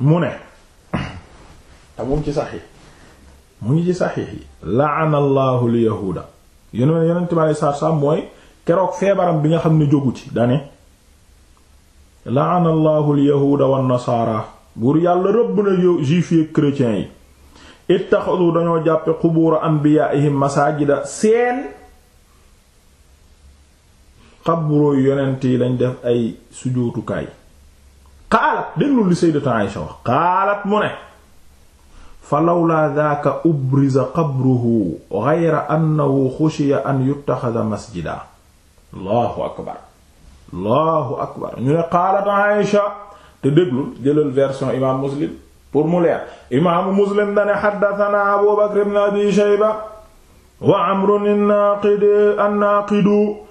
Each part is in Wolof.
mu ne te mu ci saxiix mu ngi ci saxiix yi la'ana allahu li yahuuda yeneen yeneen tibaale saar saar keroog feebaram bi nga xam ne jógu ci dane la'ana allahu li yahuuda wan buur yàlla rëbb na juif yi chrétiens yi ittaxadu dañoo jàppe xubuura anbiyaa'ihim masaajida seen xabru yonent yi lañ def ay sujuutukaay xaalat déglul li sayyidatu Aïsha wax xaalat mu ne fa lawlaa daaka ubriza qabruhu ghayra annahu xushiya an yuttaxada masjida allahu akbar allahu akbar ñu ne xaalat Aïsha te déglul jëlal version imaam Muslim pour mu leer imaamu Muslim dane xaddatanaa Abu Bakr ibn Abi Shayba wa Amrun an-Naaqid an-Naaqidu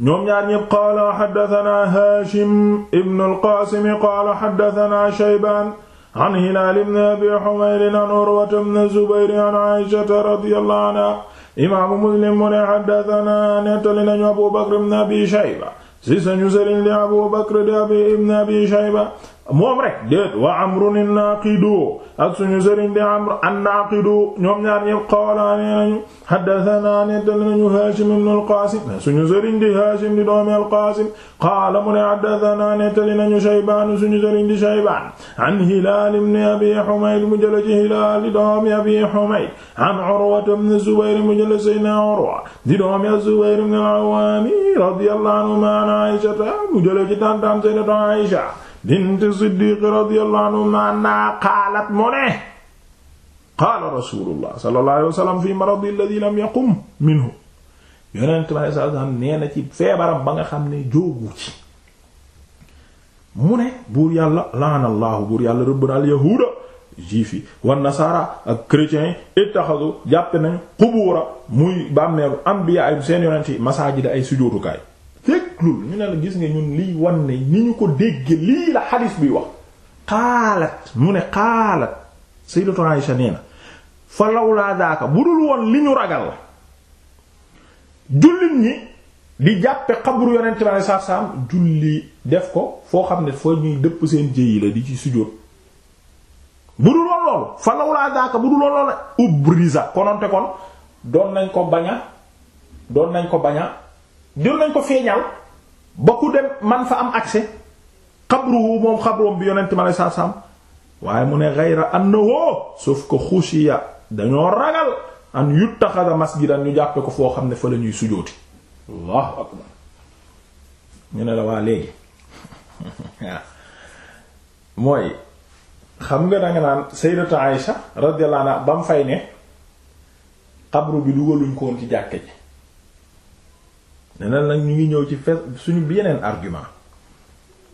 ñoom ñaar ñépp qaala xaddatanaa haashim ibnu alqaasimi qaala xaddatanaa shaybaan an hilaal ibn abi xumayrin an urwata ibn zubayr an aysata radiyallahu anha imaamu muslim mu ne xaddatanaa nettali nañu abu bakr ibn abi shayba si sañu sëriñ li abu bakr di abi ibn abi shayba moom rek déet wa amrun an-naqidu ak suñu sëriñ di amr an-naqidu ñoom ñaar ñëpp qaalaane nañu haddathana nettali nañu hashim ibn al-qasim suñu sëriñ di hashim di doomi al-qasim qaala mu ne haddathana nettali nañu shaybaan suñu sëriñ di shaybaan an hilal ibn abi humayd mu jële ci hilal di doomi abi humayd an urwa ibn zubayr mu jële sayna urwa di doomi az-zubayr ibn al-awwam radiyallahu anhu an aisha mu jële ci tantam sayyidat aisha bint siddiq radiyallahu anhuma anna qaalat mu ne qaala rasulullah fi maradi alladhi lam yaqum minhu yonent bi saa saam nee ci feebaram ba nga xam ne jóogu ci mu ne buur yàlla laanallahu buur yàlla rëbbna alyahuuda juif yi wan nasaara ak chrétiens yi ittaxadu jàppe nañu xubuura muy bàmmeelu ambiya ay seen yonent masaajida ay sujjóotukaay utlul ñu ne la gis nga ñun liy wan ne ni ñu ko dégg lii la xadis bi wax xaalat mu ne xaalat sayyidatu Aisha nee na fa lawlaa daaka bu dul woon li ñu ragal la jullit ñi di jàppe xabru yonent bi saaf saam julli def ko foo xam ne foo ñuy dëpp seen jëyi la di ci sujjóot bu dul woon loolu fa lawlaa daaka bu dul woon loolu ubrisa kononte kon nañ ko baña doon nañ ko baña doon nañ ko feeñal bokku dem man fa am accès xabruhu moom xabroom bi yonent ma lay saa waaye mu ne ghayra annahu sauf que xushiya dañoo ragal an yuttaxada masjidan ñu jàppe ko foo xam ne fa la ñuy allahu akbar ñu ne la waa léegi mooy xam nga danga naan sayyidatu Aïsha radiyallahu anha ba mu fay ne xabru bi dugaluñ ko woon ci jàkke ji neneen nag ñu ngi ñëw ci fe suñu yeneen argument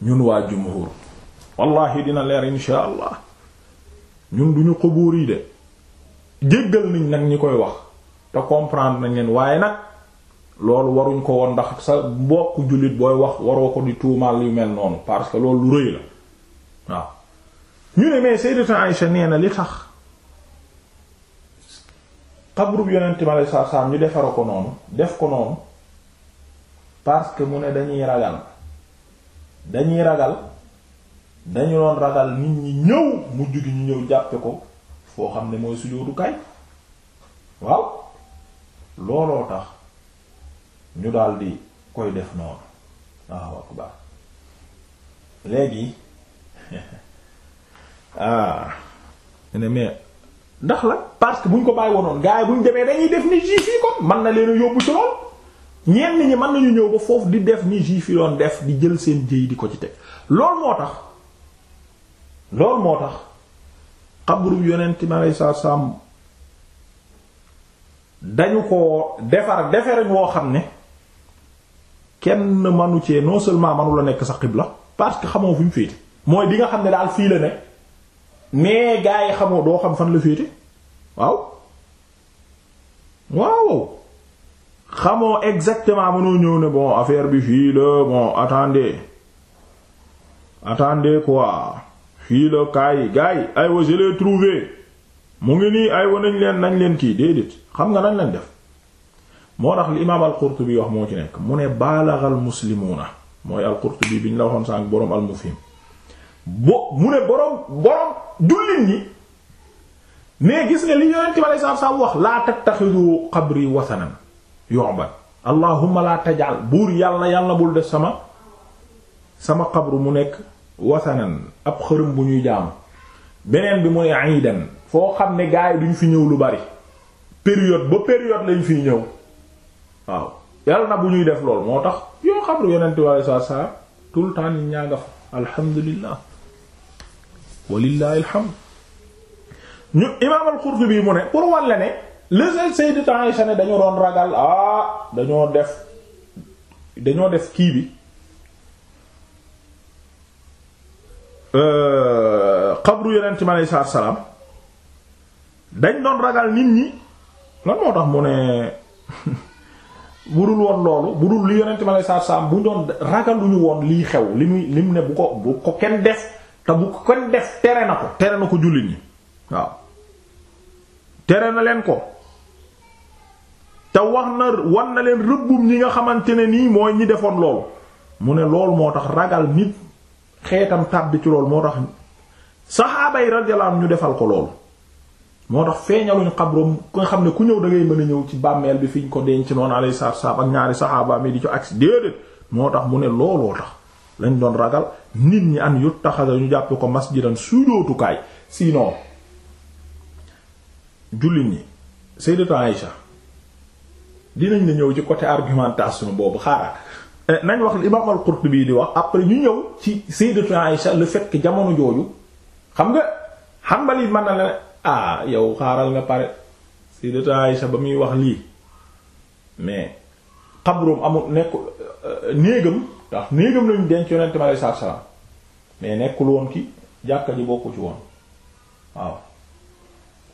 ñun waa jumhur wallahi dina leer insha allah ñun duñu xubuur yi de jéggal nañ nag ñi koy wax te comprendre nañ leen waaye nag loolu waruñ ko woon ndax sa mbokk jullit booy wax waroo ko di tuumal yu mel noonu parce que loolu lu rëy la waaw ñu ne mais sayyidatu Aïcha nee na li tax xabrub yonente mi aleye ñu defara ko noonu def ko noonu parce que mu ne dañuy ragal dañuy ragal dañu doon ragal nit ñi ñëw mujj gi ñu ñëw jàppe ko foo xam ne mooy sujjóotukaay waaw looloo tax ñu daldi koy def noonu waaw akbar léegi ah ne mais ndax la parce que bu buñ ko bàyyi wonoon gars buñ demee dañuy def ni juif yi kon mën na leen yóbbu ci lool ñenn ñi mën nañu ñëw ba foofu di def ni juif yi doon def di jël seen jëy di ko ci teg loolu moo tax loolu moo tax xabru yonent mi aleyhi salaatu salaam dañu ko defar defarin woo xam ne kenn manu cee non seulement manu la nekk sa xibla parce que xamoo fu mu féete mooy di nga xam ne daal fii la ne mais gaa yi xamoo doo xam fan la féete waaw waaw xamoo exactement mënoo ñëw ne bon affaire bi fii la bon attendez attendez quoi fii la kaay gars yi aywa je l'ai trouvé mu ngi nii aywa nañ leen nañ leen kii déedéet xam nga nañ leen def moo tax li imaam al-Qurtubi wax moo ci nekk mu ne baalaxal muslimuuna mooy al-Qurtubi bi ñu la waxoon sànq boroom al-Mufhim bo mu ne boroom boroom jullit ñi mais gis nga li yonent bi sallallahu alayhi wasallam wax laa tattaxidu qabri wasanan yu'bad allahumma la tajal buur yàlla yàlla bul def sama sama xabru mu nekk wasanan ab xërëm bu ñuy jaamu beneen bi mooy iidan foo xam ne gaay duñ fi ñëw lu bari période ba période lañ fiy ñëw waaw yàlla na bu ñuy def lool moo tax yoo xabru yonent bi alei saatu salaam tout le temps nit ñaa nga fa alhamdulillah al walla ne les Sayyidatu Aisha ne dañu doon ragal ah dañoo def dañoo def kii bi euh, xabru yonent mi aleyhi salaatu salaam dañ doon ragal nit ñi lan moo tax mu ne budul woon loolu budul li yonent mi aleyhi salaatu salaam bu doon ragal lu woon lii xew li muy lim ne bu ko bu ko kenn def te bu kenn def tere na ko tere na ko jullit ñi waaw tere na leen ko te wax na wan na leen rëbbum ñi nga xamante ne nii mooy ñi defoon loolu mu ne loolu moo tax ragal nit xeetam tàbbi ci lool moo tax saxaaba yi radiyallahu anhum ñu defal ko loolu moo tax feeñaluñ xabroom ku nga xam ne ku ñëw da ngay mën a ñëw ci bàmmeel bi fiñ ko denc noonu alayhi salaatu wassalaam ak ñaari saxaabaam yi di ci agsi déedéet moo tax mu ne looloo tax lañ doon ragal nit ñi an yuttaxasa ñu jàpp ko masjidan sujjóotukaay sinon jullit ñi sayyidatu Aïsha dinañ la ñëw ci côté argumentation boobu xaaral eh, nañ wax li ma imaam al bii di wax après ñu ñëw ci sayyidatu Aïsha le fait que jamono jooju xam nga Hanbali mën na la ah yow xaaral nga pare sayyidatu Aïsha ba muy wax lii mais xabroom amul nekk euh, néegam ndax néegam lañu denc yonent mi alayhi salaatu mais nekkul woon ki jàkka ji bokku ci woon waaw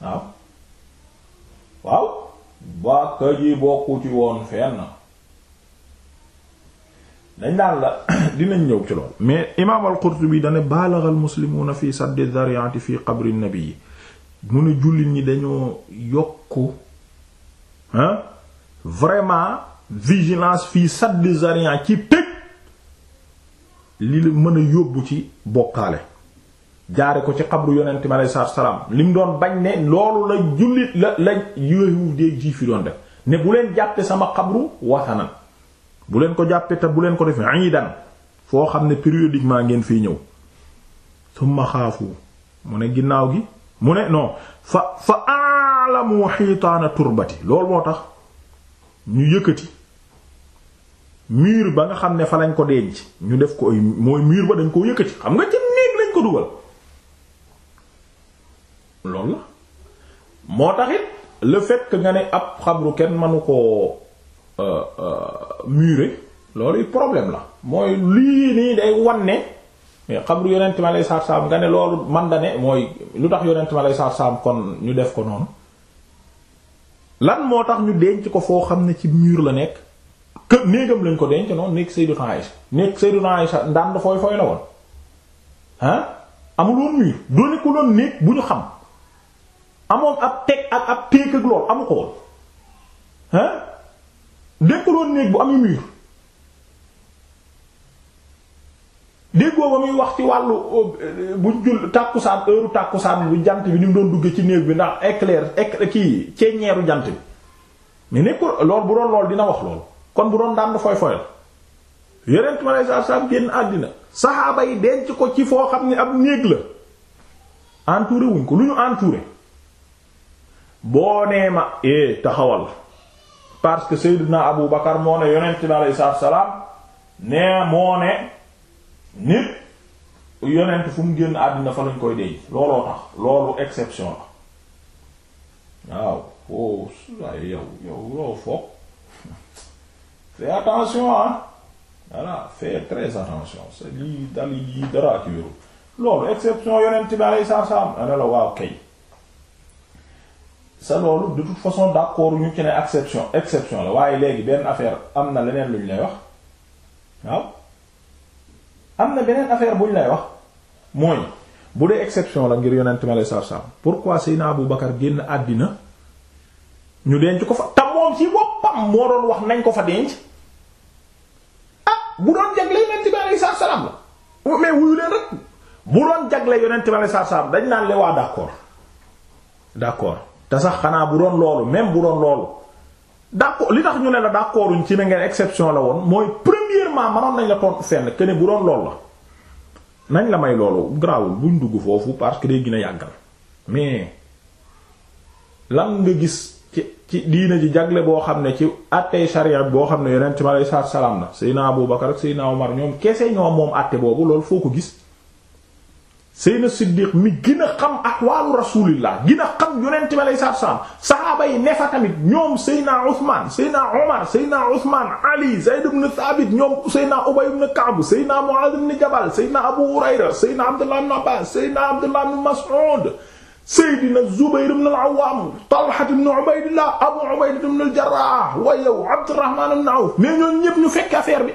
waaw waaw bàkka ji bokku ci woon fenn dañ daan la dinañ ñëw ci lool mais imaam al-Qurtubi dane baalaga al-muslimuuna fi saddi dhari'ati fi qabri an-nabi mu ne jullit ñi dañoo yokku ah vraiment vigilance fii saddi dhari'a ci tëj li la mën a yóbbu ci bokkaale jaare ko ci xabru yonent mi alayhi salaatu li mu doon bañ ne loolu la jullit la la yéexu déeg jiif yi doon def ne bu leen jàppe sama xabru wasanan bu leen ko jàppee te bu leen ko defee iidan foo xam ne périodiquement ngeen fiy ñëw summa xaafu ne ginnaaw gi mu ne non fa fa aalamu xiitaana turbati loolu moo tax ñu yëkkati mur ba nga xam ne fa lañ ko denc ñu def ko ay mooy mur ba dañ koo yëkkati xam nga ci néeg lañ ko dugal loolu la moo taxit le fait nga ne ab xabru kenn mënu koo euh, euh, murer loolu problème la mooy lii nii day wan xabru yonent ma lay saar saam nga ne loolu man da ne mooy lu tax yonent ma lay saar kon ñu def ko noonu lan moo tax ñu denc ko foo xam ne ci mur la nekk kë néegam lañ ko denc noonu nekk Sayyidatu Aïsha nekk Sayyidatu Aïsha ndànd fooy fooy la woon ah amul woon doo nekkul woon néeg bu ñu xam amoon ab teg ak ab teek ak lool amu ko woon hein dëkkuloon néeg bu am mur déggoo ma muy wax ci wàllu bu jul tàkkusaan heure tàkkusaan bu jant bi ni mu doon dugge ci néeg bi ndax éclair éclair kii ceeñeeru jant bi lool bu doon lool dina wax lool kon bu doon daan foy foyal yonent ma lay saa saa génn àddina saxaaba yi denc ko ci foo xam ne ab néeg la entouré wuñ ko lu ñu entouré boo nee ma eh taxawal parce que Seydina Abu Bakar moo ne yonent bi alayhi salaatu salaam nee moo ne nit yonent fu mu génn àddina fa lañ koy denc looloo tax loolu exception la waaw oh waaye yow yow loo foog fais attention ah voilà fais très attention c'est lii dal yi dara ci wéru loolu exception yonent bi alayhi salaatu salaam ana la waaw kay. sa loolu de toute façon d'accord ñu ci ne exception exception la waaye léegi benn affaire am na leneen lu ñu lay wax waaw am na beneen affaire bu lay wax mooy bu dee exception la ngir yonent ma lay sarsam pourquoi Seydina Abu Bakar génn àddina ñu denc ko fa te moom ci boppam moo doon wax nañ ko fa denc ah bu doon jagle yonent ma lay sarsam la mais wuyu leen rek bu doon jagle yonent ma lay sarsam dañ naan le waa d'accord d'accord te sax xanaa bu doon loolu même bu doon loolu d'accord li tax ñu ne la d'accorduñ ci ne ngeen exception la woon mooy premièrement manoon nañ la tontu fenn que ne bu doon lool la nañ la may loolu garaawul buñ dugg foofu parce que day gën a yàggal mais lan nga gis ci ci diina ji jagle boo xam ne ci àttee sharia boo xam ne yonent mi alayhi salaam la Seydina Abu Bakar ak Seydina Omar ñoom kese ñoom moom àtte boobu loolu foo ko gis Seyna Siddiq mi gën a xam ahwaalu rasulillah gën a xam yonent bi alayhi salaatu wa salaam saxaaba yi ne fa tamit ñoom Seyna Ousmane Seyna Omar Seyna Ousmane Ali Zayd ibn Thabit ñoom Seyna Ubay ibn Ka'b Seyna Mu'adh ibn Jabal Seyna Abu Hurayra Seyna Abdullah ibn Abbas Seyna Abdullah ibn Mas'ud Seydina Zubayr ibn al-Awwam Talha ibn Ubaydillah Abu Ubayda ibn al-Jarrah wa yow Abdurrahman ibn Awf mais ñoom ñëpp ñu fekk affaire bi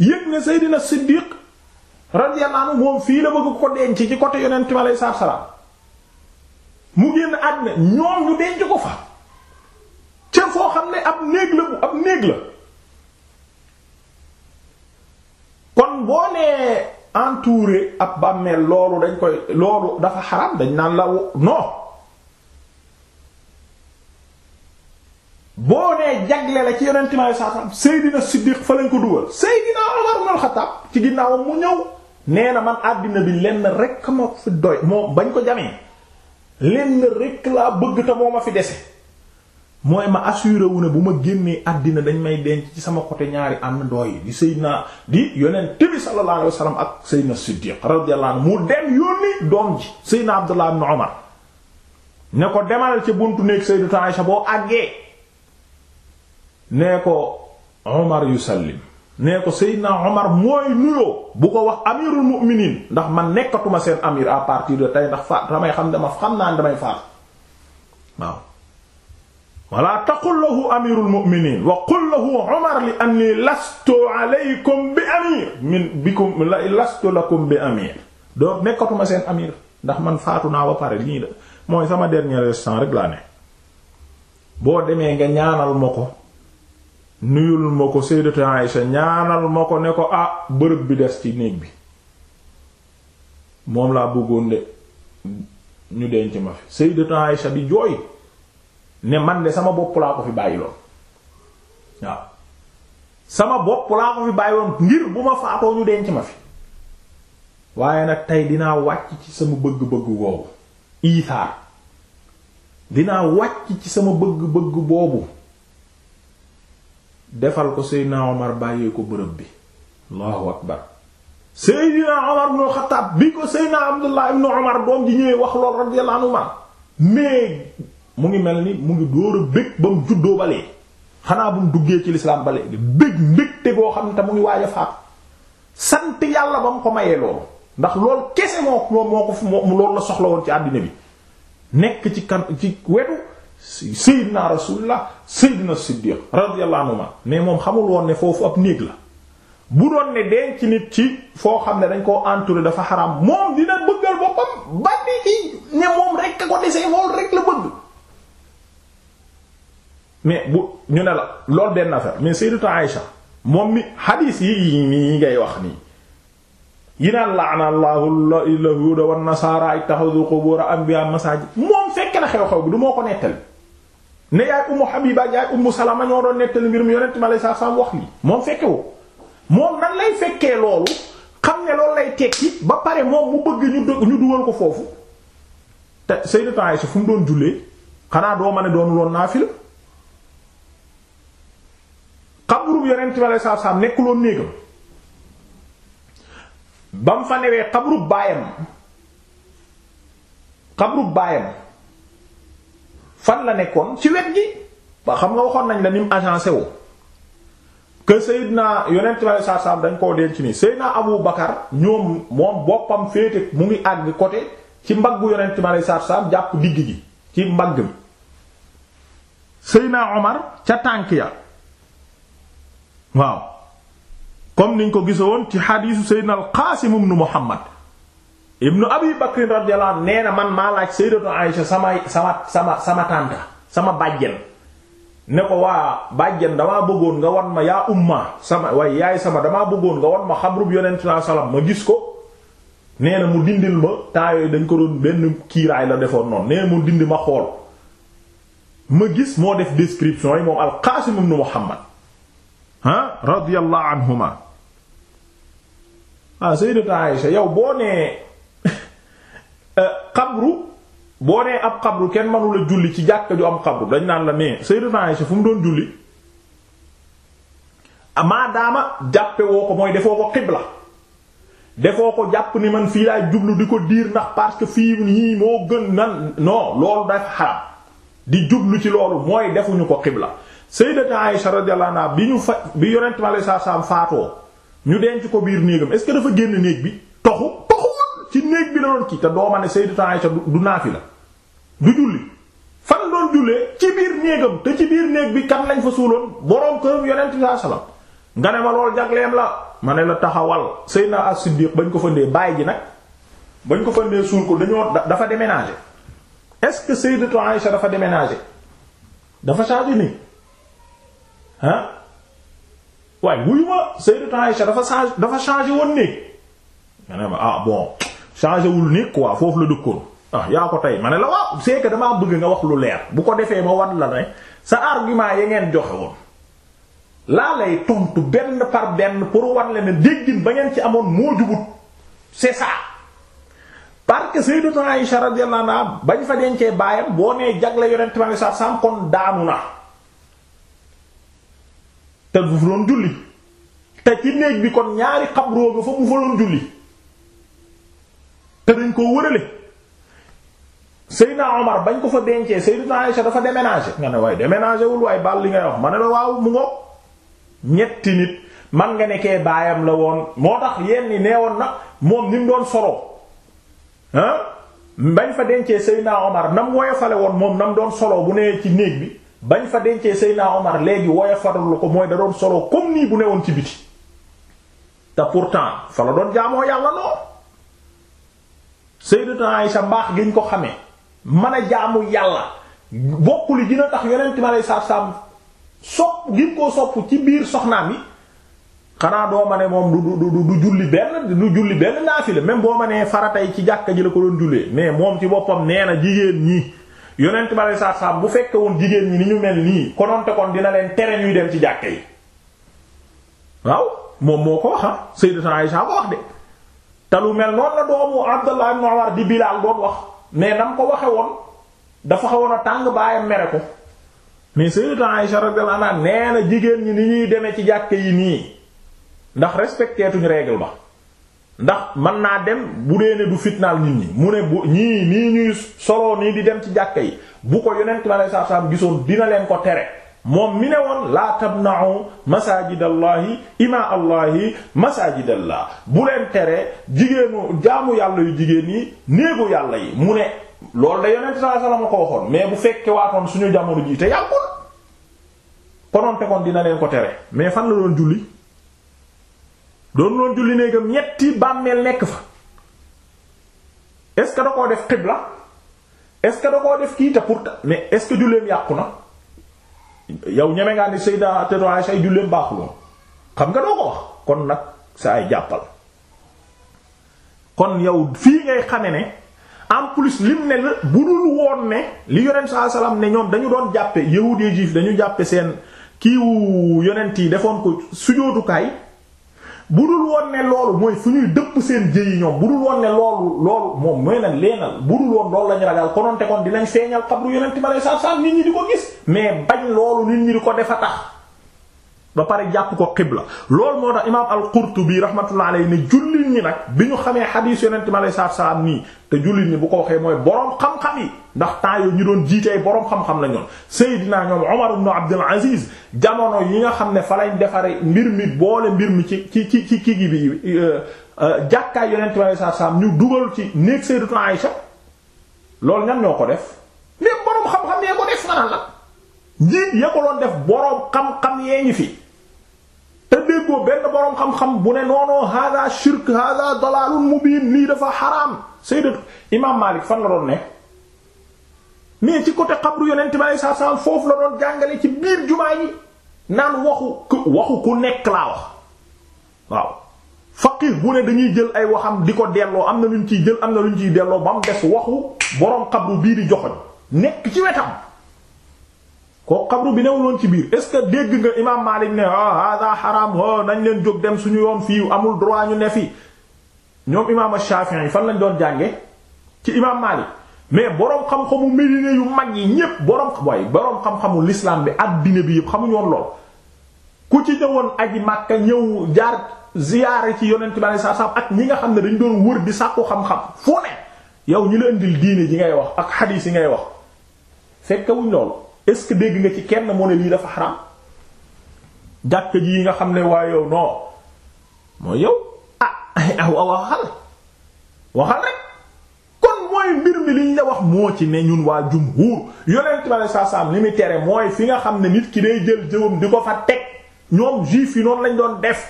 yëg ne Seydina Siddiq radiyallahu anhu moom fii la bëgg ko denc ci côté yonent mi alayhi salaatu salaam mu génn àddina ñoom ñu denc ko fa te foo xam ne ab néeg la bu ab néeg la kon boo nee entouré ab bàmmeel loolu dañ koy loolu dafa xaram dañ naan la non boo nee jagle la ci yonent mi alayhi salaatu salaam Seydina Siddiq fa lañ ko dugal Seydina Omar ibn al ci ginnaawam mu ñëw. nee na man àddina bi lenn rekk ma fi doy moo bañ ko jamee lenn rekk laa bëgg moo ma fi dese mooy ma assuré wu ne bu ma génnee àddina dañ may denc ci sama côté ñaari ànd doy di Seydina di yonent bi sallallahu alayhi wasallam ak Seydina Siddiq radiyallahu anhu mu dem yónni doom ji Seydina Abdullah ibn Umar ne ko demal ca buntu néeg Sayyidatu Aisha boo àggee ne ko Umar yusallim nee ko Seydina Omar mooy nuyoo bu ko wax amirul mu'minin ndax man nekkatuma seen amir à partir de tey ndax faat damay xam dama xam naa damay faat waaw wala taqul lahu amirul mu'minin wa qul lahu Omar li anni lastu alaykum bi amir min bikum lastu lakum bi amir doo nekkatuma seen amir ndax man faatu naa ba pare lii da mooy sama dernier instant rek laa ne boo demee nga ñaanal ma ko nuyul ma ko sayyidatu Aïsha ñaanal ma ko ne ko ah bërëb bi des ci néeg bi moom laa bëggoon de ñu denc ma fi sayyidatu Aïsha di jooy ne man de sama bopp laa ko fi bàyyiloon waaw sama bopp laa ko fi bàyyiloon ngir bu ma faatoo ñu denc ma fi waaye nag tey dinaa wàcc ci sama bëgg-bëgg boobu iisaar dinaa wàcc ci sama bëgg-bëgg boobu defal ko Seydina Omar bàyyee ko bërëb bi allahu akbar Seydina Omar ibn Xattaab bi ko Seydina Omar doom ji ñëwee wax lool radiyallahu anhu mais mu ngi mel ni mu ngi dóor a bëgg ba mu juddoo balee xanaa bu mu duggee ci lislaam balee bëgg mbégte goo xam te mu ngi waaj a faat sant yàlla ba mu ko mayee loolu ndax loolu kese moo moo ko moo loolu la soxla woon ci àddina bi nekk ci kan ci wetu sayyidina rasulullah sayyidina siddiq radiyallahu anhuma mais moom xamul woon ne foofu ak néeg la bu doon ne denc nit ci foo xam ne dañ koo entouré dafa xaram moom dina bëggal boppam ba di ne moom rek a ko desee moom rek la bëgg mais bu ñu ne mais sayyidatu Aïsha moom mi xadiis yi ngay wax nii yi naan la'ana la al-yahuuda wan-nasaara ittaxazu qubuura anbiyaa masaajid moom fekk na xew-xew bi du moo ko nettali ne yaay ummu Habiba ak yaay ummu Salama ñoo doon nettali mbir mi yonent ma lay saa saa wax lii moom fekke woo moom nan lay fekkee loolu xam ne loolu lay tekki ba pare moom mu bëgg ñu ñu dugal ko foofu te Sayyidatu Aisha fu mu doon jullee xanaa doo ma ne doon loon naafila xabru yonent ma lay saa saa nekkuloon néegam ba mu fa newee xabru baayam xabru baayam fan la nekkoon ci wet gi ba xam nga waxoon nañ la ni mu agencé wu que Seydina yonent bi saa saam dañ koo denc nii Seydina Abu Bakar ñoom moom boppam féete mu ngi àgg côté ci mbaggu yonent bi saa saam jàpp digg gi ci mbagg mi Seydina Omar ca tànk ya waaw comme niñ ko woon ci xadiisu Seydina al Qaasim ibn Muhammad ibnu abi bakrin radiyallahu anhu nee na man maa laaj sayyidatu Aisha sama sama sama sama tànta sama bàjjen ne ko waa bàjjen damaa bëggoon nga wan ma yaa umma sama waaye yaay sama damaa bëggoon nga wan ma xabrub yonent sallallahu alayhi wasallam ma gis ko nee na mu dindil ma temps yooyu dañ ko doon benn kiiraay la defoon noonu nee na mu dindi ma xool ma gis moo def description yi moom alqaasim ibnu muhammad ah radiyallahu anhuma ah sayyidatu Aisha yow boo nee Euh, xabru boo nee ab xabru kenn mënu la julli ci jàkka ju am xabru dañ naan la mais Sayyidatuna Aisha fu mu doon julli maadaama jàppe woo ko mooy defoo ko xibla defoo ko jàpp ni man fii laay jublu di ko diir ndax parce que fii nii moo gën na non loolu dafa xaram di jublu ci loolu mooy defuñu ko xibla Sayyidatuna Aisha radiyallahu anha bi ñu fa bi yonent mi alayhi salaam faatoo ñu denc ko biir néegam est-ce que dafa génn néeg bi toxu ci néeg bi la doon kii te dooma ne Sayyidatu Aisha du naafi la du julli fan doon jullee ci biir néegam te ci biir néeg bi kan lañ fa suuloon boroom këram yonent bi sallallahu alayhi wasallam nga ne ma lool jagleem la ma ne la taxawal Sayyidina as-Siddiq bañ ko fëndee baay ji nag bañ ko fëndee suul ko dañoo dafa déménager est-ce que Sayyidatu Aisha dafa déménager dafa changer ni ah waaye wuyu ma Sayyidatu Aisha dafa changé dafa changé woon ni nga ne ma ah bon changé wul ni quoi foofu la dëkkoon ah yaa ko tey ma ne la waaw c'est que damaa bëgg nga wax lu leer bu ko defee ma wan la ne sa argument ya ngeen joxe woon laa lay tontu benn par benn pour wan la ne déggin ba ngeen ci amoon moo jubut c'est ça parce que Sayyidatu Aïsha radiyallahu anha bañ fa dencee baayam boo nee jagle yonent bi ne alayhi wasallam kon daanu na te bu fa doon julli te ci néeg bi kon ñaari xabróoga fa mu fa doon julli te dañ koo wërale Seydina Omar bañ ko fa dencee Seydina dafa déménagé nga ne waaye déménagé wul waaye li ngay wax ma ne la waaw mu ngoog ñetti nit man nga nekkee baayam la woon moo tax yenn yi nee woon na moom ni mu doon soloo ah bañ fa dencee Seydina Omar nam woyofale woon moom nam doon soloo bu nee ci néeg bi bañ fa dencee Seydina Omar léegi woyofalu ko mooy da doon soloo comme nii bu ne woon ci biti te pourtant fa la doon jaamoo yàlla lool. sayyidatu Aisha mbaax giñ ko xamee man a jaamu yàlla bokk li dina tax yonent ma lay saab-saab sopp giñ koo sopp ci biir soxnaam yi xanaa doo ma ne moom du du du julli benn du julli benn naafila même boo ma nee faratay ci jàkka ji la ko doon jullee mais moom ci boppam nee na jigéen ñi yonent ma lay saab-saab bu fekke woon jigéen ñi ni ñu mel nii kononte kon dina leen tere ñuy dem ci jàkka yi waaw moom moo ko wax ah, sayyidatu Aisha ko wax de te lu mel noonu la doomu Abdallah ibn Umar di Bilaal doon wax mais na ko waxe woon dafa xawoon a tàng baayam mere ko mais Sayyidat Aisha radiyallahu anha nee na jigéen ñi ni ñuy demee ci jàkke yi nii ndax respecté tuñ règle ba ndax mën naa dem bu dee ne du fitnaal nit ñi mu ne bu ñii nii ñuy soloo nii di dem ci jàkke yi bu ko yonent bi sallallahu alayhi wasallam gisoon dina leen ko tere moom mi ne woon laa tabna'u masajidallahi ima allahi masajidallah bu leen tere jigéenu jaamu yàlla yu jigéen yi néegu yàlla yi mu ne loolu da yonent sallallahu alayhi wasallam ko waxoon mais bu fekkee waatoon suñu jamono jii te yàggul konoonte kon dina leen ko tere mais fan la doon julli doon loon julli néegam ñetti bàmmeel nekk fa est ce que da koo def xibla est ce que da koo def kii te pour mais est ce que julleem yàqu na yow ñeme ngaa ni sayda teto Aysa ay julleem baaxuloon xam nga doo ko wax kon nag sa ay jàppal kon yow fii ngay xame ne en plus lim ne la bu dul woon ne li yonent saa salaam ne ñoom dañu doon jàppe yahudi jiif dañu jàppe seen kiiwu yonent yi defoon ko sujootukaay bu dul woon ne loolu mooy fu ñuy dëpp seen jëyi ñoom bu dul woon ne loolu loolu moom mooy nag leenal bu dul woon loolu lañu ragal konoonte kon dinañ feeñal xabru yonent bi sallallahu alayhi wasallam nit ñi di ko gis mais bañ loolu nit ñi di ko defa tax ba pare jàpp ko xibla lool moo tax imaam al-Qurtubi rahmatullah alayhi ne jullit ñi nag bi ñu xamee xadiis yonent mi alayhi salaam nii te jullit ñi bu ko waxee mooy boroom xam-xam yi ndax temps yooyu ñu doon jiitey boroom xam-xam la ñoon Seydina ñoom Omar ibn Abdul Aziz jamono yi nga xam ne fa defaree mbir mi boole mbir mi ci ci ci ci kii bi euh, euh, jàkkaay yonent mi alayhi salaam ñu dugal ci néeg Sayyidatuna Aïsha loolu ñan ñoo ko def mais boroom xam-xam yee ko def nga doon def boroom xam-xam yee ñu fi. te déggoo benn boroom xam-xam bu ne noonoo hada shirk hada mu mubin lii dafa xaraam sayyidat imam Malik fan la doon ne mais ci côté xabru yonent bi alei satu foofu la doon jàngale ci biir jumaa yi naan waxu ku waxu ku nekk laa wax waaw faqih bu ne dañuy jël ay waxam di ko delloo am na luñ ciy jël am na luñ ciy delloo ba mu des waxu boroom xabru bii di joxoñ nekk ci wetam koo xabru bi newul woon ci biir est ce que dégg nga imaam Maalik ne ah hada xaraam oh nañ leen jóg dem suñu yoon fii amul droit ñu ne fii ñoom imaam Shaafi'i fan lañ doon jànge ci imaam Maalik mais borom xam-xamu Medina yu mag yi ñépp borom waaye borom xam-xamu l'islam bi addina bi yëpp xamuñu woon lool ku ci ñëwoon aji Makka ñëw jaar ziyaare ci yonent bi sallallahu alayhi ak ñi nga xam ne dañ doon wër di sàkku xam-xam foo ne yow ñi leen indil diine ji ngay wax ak xadiis yi ngay wax fekkewuñ loolu. est-ce que dégg nga ci kenn moo ne lii dafa xaram jàkk ji yi nga xam ne waa yow non mooy yow ah waxal waxal rek kon mooy mbir mi liñ la wax moo ci ne ñun waa jumhuur yonent bale saa saam li tere mooy fi nga xam ne nit ki day jël jëwam di ko fa teg ñoom juif yi noonu lañ doon def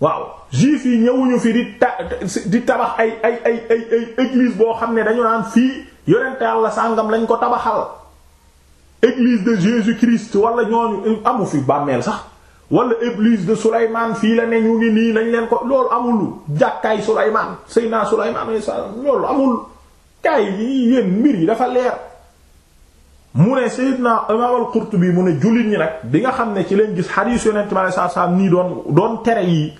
waaw juif yi ñëwuñu fii di ta di tabax ay ay ay ay ay boo xam ne dañu naan fii yonent yàlla sàngam lañ ko tabaxal église de Jésus Christ wala ñooñu amu fi bàmmeel sax wala église de Souleymane fii la ne ñu ngi nii nañ leen ko loolu amul jàkkaay Souleymane Seyna Souleymane alayhi salaam loolu amul kaay yi yéen mbir yi dafa leer. mu ne Seydina Imaam al bi mu ne jullit ñi nag bi nga xam ne ci leen gis xadiis Yonent bi alayhi salaam nii doon doon tere yi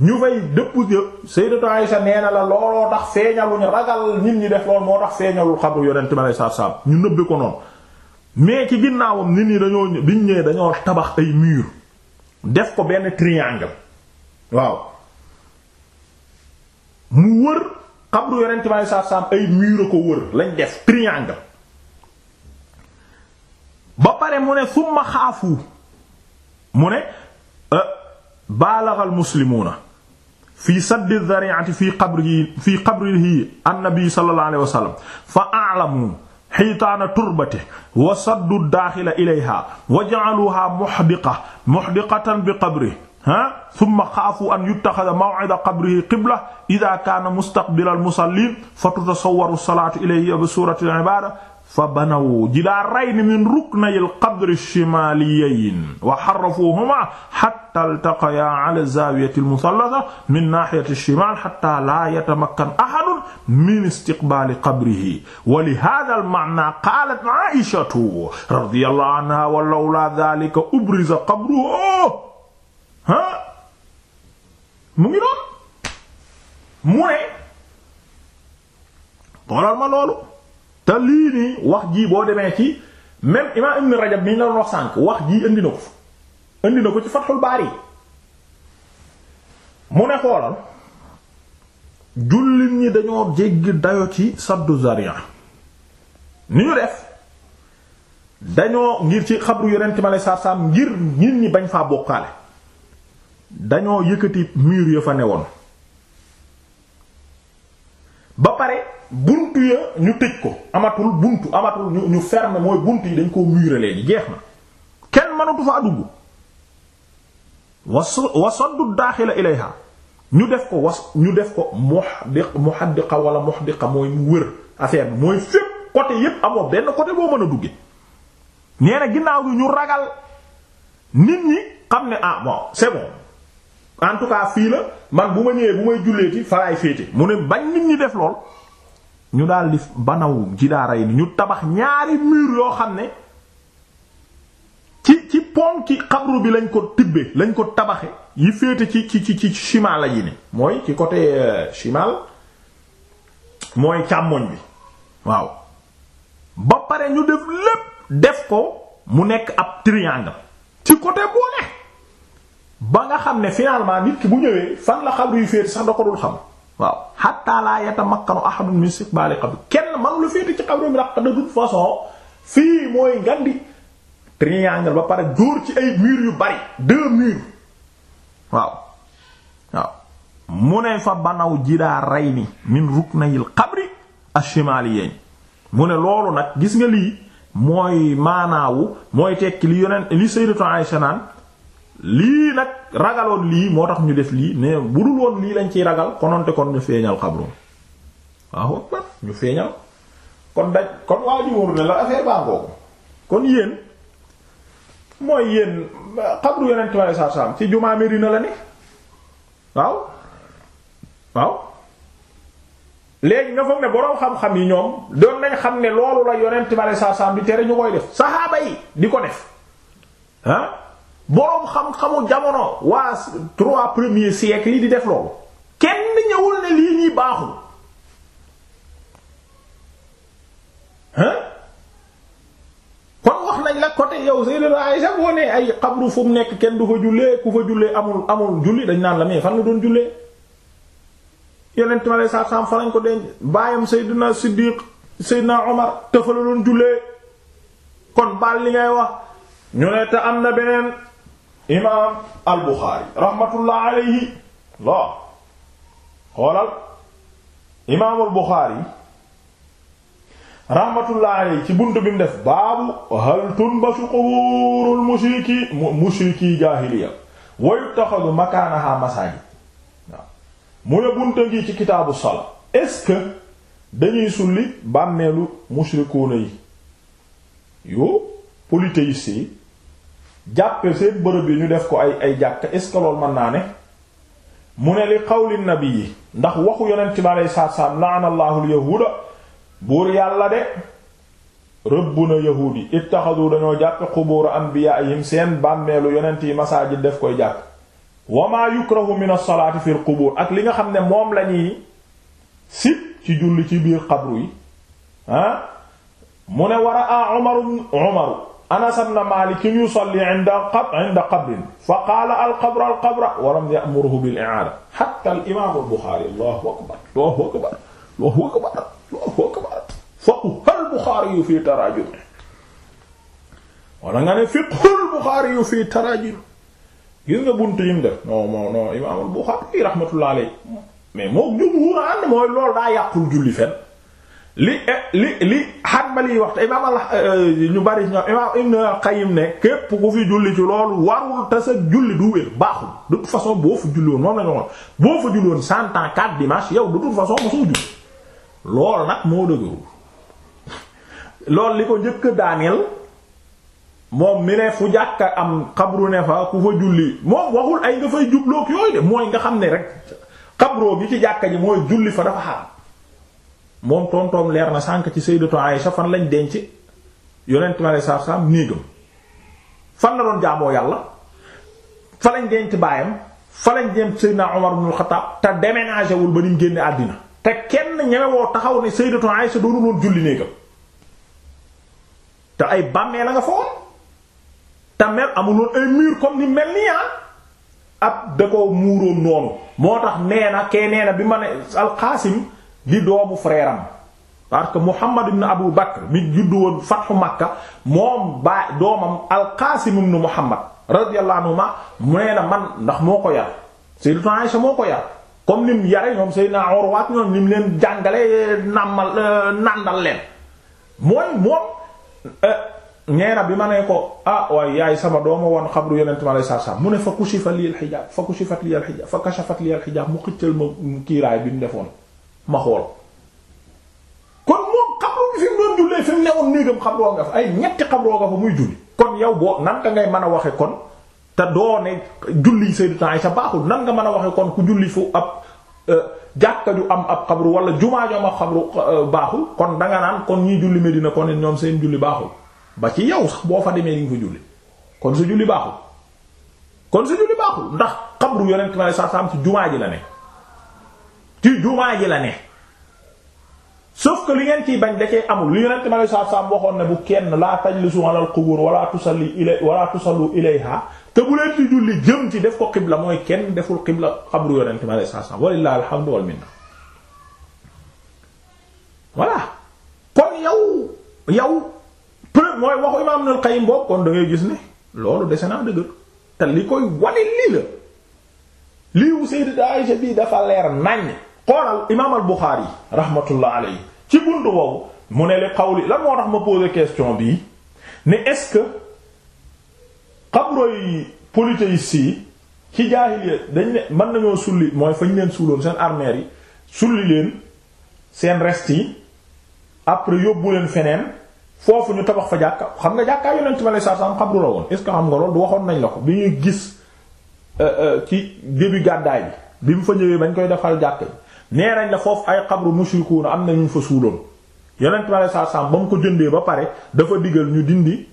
ñu fay dëpp yëpp yi Aïsha nee na la looloo tax feeñaluñu ragal nit ñi def loolu moo tax feeñalul xabru Yonent bi alayhi ñu nëbbe ko noonu. mais ci ginnaawam nit ñi dañoo biñ ñëwee dañoo tabax ay mur def ko benn triangle waaw mu wër xabru yonent bi alayhi salaam ay mur a ko wër lañ def triangle ba pare mu ne summa xaafu mu ne euh, baalaxal muslimuuna fi saddi dhari'ati fi qabri fi qabrihi an-nabi sallallahu alayhi wa sallam fa a'lamu xiitaana turbate wa saddu daaxila ilayha wa ja'aluha muhdiqa muhdiqatan bi qabri ah summa xaafu an yuttaxada maw'ida qabrihi qibla ida kaana mustaqbilal musallin fa tutasawwaru salaatu ilayhi bi suuratil ibaada fa banawu jidaarayni min ruknayil qabri shimaaliyayni wa harrafuuhumaa hattaa iltaqayaa alaa zaawiyati al-muthallata min naahiyati shimaal hattaa laa yatamakkan ahadun min istiqbaali qabrihi wa lihaadha al-ma'naa qaalat aa'ishatu radiyallaahu anhaa wa lawlaa dhaalika ubriza qabruhu ha mu ngi doon mu ne xoolal ma loolu te lii nii wax jii boo demee ci même imam ibn rajab mi ñu la doon wax sànk wax jii indi na ko fa indi ko ci fathul baari mu ne xoolal jullit ñi dañoo jéggi dayo ci saddu zaria ni ñu def dañoo ngir ci xabru yonent ma lay sarsam ngir nit ñi bañ faa bokkaale dañoo yëkkati mur ya fa newoon ba pare buntu ya ñu tëj ko amatul buntu amatul ñu ñu ferme mooy buntu yi dañ koo muure léegi jeex na kenn mënatu fa dugg was wasaddu daaxila ilayha ñu def ko was ñu def ko muhdiq muhaddiqa wala muhdiqa mooy mu wër affaire bi mooy fépp côté yépp amoo benn côté boo mën a dugge nee na ginnaaw gi ñu ragal nit ñi xam ne ah bon c'est bon en tout cas fii la man bu ma ñëwee bu may julleeti faraay féete mu ne bañ nit ñi def lool ñu daal di banaw jidaara yi ñu tabax ñaari mur yoo xam ne ci ci ponki xabru bi lañ ko tibbe lañ ko tabaxe yi féete ci ci ci ci chimal la ji mooy ci côté euh, chimal mooy càmmoñ bi waaw ba pare ñu def lépp def ko mu nekk ab triangle ci côté boo ne ba nga xam ne finalement nit ki bu ñëwee fan la xabru yu féete sax da dul xam waaw hatta la yatamakkanu ahadun min istiqbali qabr kenn man lu féete ci xabru bi ndax de toute façon fii mooy ngandi triangle ba pare dóor ci ay murs yu bari deux murs waaw waaw mu ne fa banaw jidaar rey ni min ruknayil qabri ashimaliyen mu ne loolu nag gis nga lii mooy maanaawu mooy tekki li yonent li sayyidatu Aisha naan lii nag ragaloon lii moo tax ñu def lii mais bu dul woon lii lañ ciy ragal kononte kon ñu feeñal xabroom waaw ba ñu feeñal kon daj kon waa wóor ne la affaire baa ngoogu kon yéen mooy yéen xabru yonent bi alayhi salaam ci jumaa Medina la ne waaw waaw léegi nga foog ne boroom xam-xam yi ñoom doon nañ xam ne loolu la yonent bi alayhi salaam bi tere ñu koy def saxaaba yi di ko def ah boroom xam-xamu jamono waa trois premiers siècles yi di def loolu kenn ñëwul ne lii ñuy baaxul hein kon wax nañ la côté yow Seydou ay xabru fu mu nekk kenn du fa jullee ku fa jullee amul amul julli dañ naan la mais fan la doon jullee yeneen ma lay saab saab fa lañ ko denc baayam Seydina Siddiq Seydina Omar te fa doon jullee kon baal li ngay wax ñu ne te am na beneen imaam al Buxaari rahmatullah alayhi loo xoolal imaamul Buxaari rahmatullah alayhi ci buntu bi mu def baabu hal tunbasu qubuurul mushriki mushriki jaahiliya wa yuttaxadu makaanahaa masaajid waaw mu ne buntu ngi ci kitaabu sala est-ce que dañuy sulli bàmmeelu mushrikuuna yi yo polythéistes jàppe seen bërëb yi ñu def ko ay ay jàkk est ce mën naa ne mu ne li xawli nabi yi ndax waxu yonent bi aleyhi salaatu salaam laanallahu alyahuuda buur yàlla de rëbb na yahuud yi ittaxadu dañoo jàpp xubuura anbiyaa'ihim seen bàmmeelu yonent yi masaajid def koy jàkk wa maa yukrahu min as-salaati fil ak li nga xam ne moom lañuy sit ci julli ci biir xabru yi ah mu ne war a a Umaru Anas ibn Maalik yusalli inda qabrin fa qaala al-qabru al-qabru wa lam ya'murhu bil-i'aada hatta al-imaam al-Buxaari Allahu akbar Allahu akbar Allahu akbar Allahu akbar fiqhu al-Buxaari fi taraajum wala nga ne fiqhu al-Buxaari fi taraajum gis nga buntu yi mu def non non non imaam al-Buxaari rahmatullahi alayhi mais moom jumhuur ànd mooy loolu daa yàqul julli fenn li eh, li li Hanbali yi wax te imaam eh, ñu bari ñoom imaam Ibn Qayyim ne képp ku fi julli ci loolu warul te sa julli du wér baaxul de toute façon boo fa julli woon moom la ñu boo fa julli woon yow de toute nag moo dëgërul loolu li ko njëkk daaneel moom mi ne fu jàkka am xabru ne fa ku fa julli moom waxul ay nga fay jubloog yooyu de mooy nga xam ne rek xabroo bi ci jàkk ji mooy julli fa dafa xaram moom tontoom leer na sànk ci sayyidatu Aïsha fan lañ denc yonent ma lay saaf saaf néegam fan la doon jaamoo yàlla fa lañ denc baayam fa lañ denc sayyidina Umar ibn al-Khattab te déménagé wul ba ni mu génne àddina te kenn ñewewoo taxaw ne sayyidatu Aïsha doonul woon julli néegam te ay bàmmee la nga fa woon te mel amuloon ay mur comme ni mel nii ah ab da ko muuroon noonu moo tax nee na kee nee na bi ma ne alxaasim di doomu frère am parce que Muhammad ibn Abu Bakr mi juddu woon fatxu Makka moom baa doomam al-Qaasim ibn Muhammad radiyallahu anhuma nee na man ndax moo ko yar Sayyidatu Aisha moo ko yar comme ni mu yare ñoom Sayyidina Urwa ak ñoom ni mu leen jàngale nàmmal euh, nàndal leen mooy moom ñeena euh, bi ma nee ko ah waaye yaay sama dooma woon xabru yonente mi aleye sat selaam mu ne fa kushifa li al hijab fa kushifat li al hijab fa kashafat li al hijab mu xëccal ma kiiraay bi ñu defoon ma xool kon moom xabru fi mu doon jullee fi mu newoon néegam xabroo nga fa ay ñetti xabroo nga fa muy julli kon yow boo nan ka ngay mën a waxe kon te doone julli Sayyidatu Aisha baaxul nan nga mën a waxe kon ku julli fu ab euh, jàkka ju am ab xabru wala jumaa ju am ab xabru euh, baaxul kon danga naan kon ñi julli Medina kon ñoom seen julli baaxul ba ci yow sax boo fa demee di nga julli kon su julli baaxul kon su julli baaxul ndax xabru yonent ma ne sax saam ci la ci jumaa ji la ne sauf que li ngeen ciy bañ da cee amul li yonent mi alayhi salaatu salaam waxoon ne bu kenn laa tajlisu ala al qubur wala tusalli ilay wala tusallu ilayha te bu leen di julli jëm ci def ko xibla mooy kenn deful xibla xabru yonent mi alayhi salaatu salaam walillahi alhamdu wal minna voilà kon yow yow preuve mooy waxu imaam Ibnul Qayyim boobu kon da gis ne loolu dese naa dëgër te li koy wane lii la lii wu Sayyidatu Aisha bi dafa leer nañ xoolal imaam al Buxaari rahmatullah alayhi ci buntu boobu mu ne li xawli lan moo tax ma poser question bii ne est-ce que xabro yi polythéistes yi ci jaahiliya dañ ne mën nañoo sulli mooy fañ leen suuloon seen armeer yi sulli leen seen reste yi après yóbbu leen feneen foofu ñu tabax fa jàkka xam nga jàkkaa yonent ma lay saa sam xabru la woon est-ce xam nga loolu du waxoon nañ la ko bi ñuy gis euh, euh, ci début gàddaay bi bi mu fa ñëwee bañ koy defal jàkk nee nañ la foofu ay xabru mushrikuuna am na ñu fa suuloon yonent ma saa saam ba mu ko jëndee ba pare dafa digal ñu dindi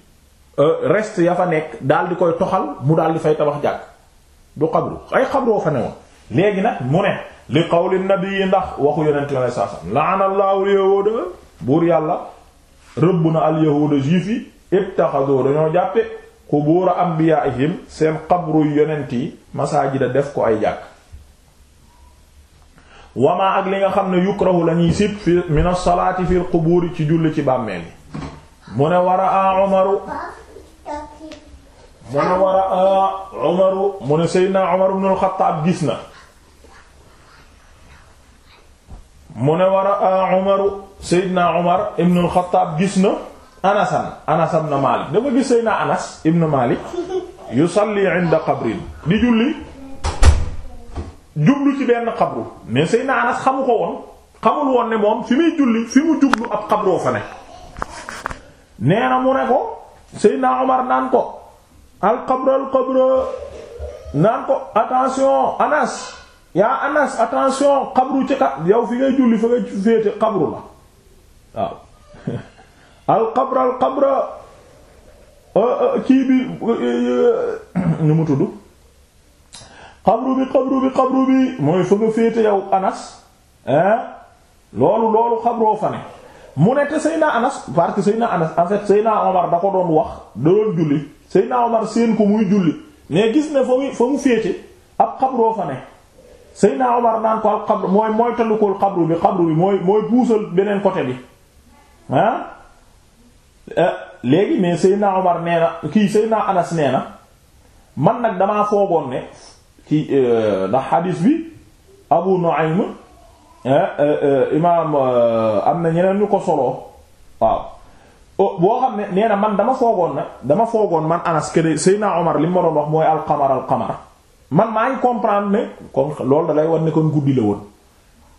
euh, reste ya fa nekk daal di koy toxal mu daal di fay tabax jàkk du xabru ay xabroo fa ne woon léegi nag mu ne li qawli nabi ndax waxu yonent ma saa saam la'ana allahu al-yahuuda buur yàlla rëbb na al-yahuuda juif yi ittaxadoo dañoo jàppe qubuura anbiyaa'ihim seen xabru yonent yi masaajida def ko ay jàkk wamaa ak li nga xam ne yukrahu lañuy sib fi min as-salaati fil qubuuri ci julli ci bàmmeel yi mu ne wara a umaru mu ne wara a umaru mu ne seydina umar ibn al-Xattaab gis na mu ne wara a umaru seydina umar ibn al-Xattaab gis na anasan anas ibn Maalik dafa gis seydina anas ibn Maalik yusalli inda qabrin di julli jublu ci benn xabru mais Seydina Anas xamu ko woon xamul woon ne moom fi muy julli fi mu jublu ak xabroo fa ne nee mu ne ko Seydina Omar naan ko al qabr al qabr naan ko attention Anas yaa Anas attention xabru ci yow fi ngay julli fa xabru la waaw al qabr al qabr euh, euh, kii bi euh, nu mu tudd xabru bi xabru bi xabru bi mooy fa nga féete yow anas loolu loolu xabroo fa ne mu ne te Seyna Anas parce que Seyna Anas en fait Seyna Omar gis ne fa mu fa mu féete ab xabroo fa mooy mooy talukool eh, mais Seyna Omar nee na Anas nee man nag damaa foogoon ne ci euh, ndax xadiis bi Abu Nu'aym euh, euh, imaam am na ñeneen ñu ko soloo waaw oh, boo xam ne nee na man dama foogoon na dama foogoon man Anas kene Seydina Omar li ma doon wax mooy alqamar alqamar man maa ngi comprendre ne kon loolu da lay war ne kon guddi la woon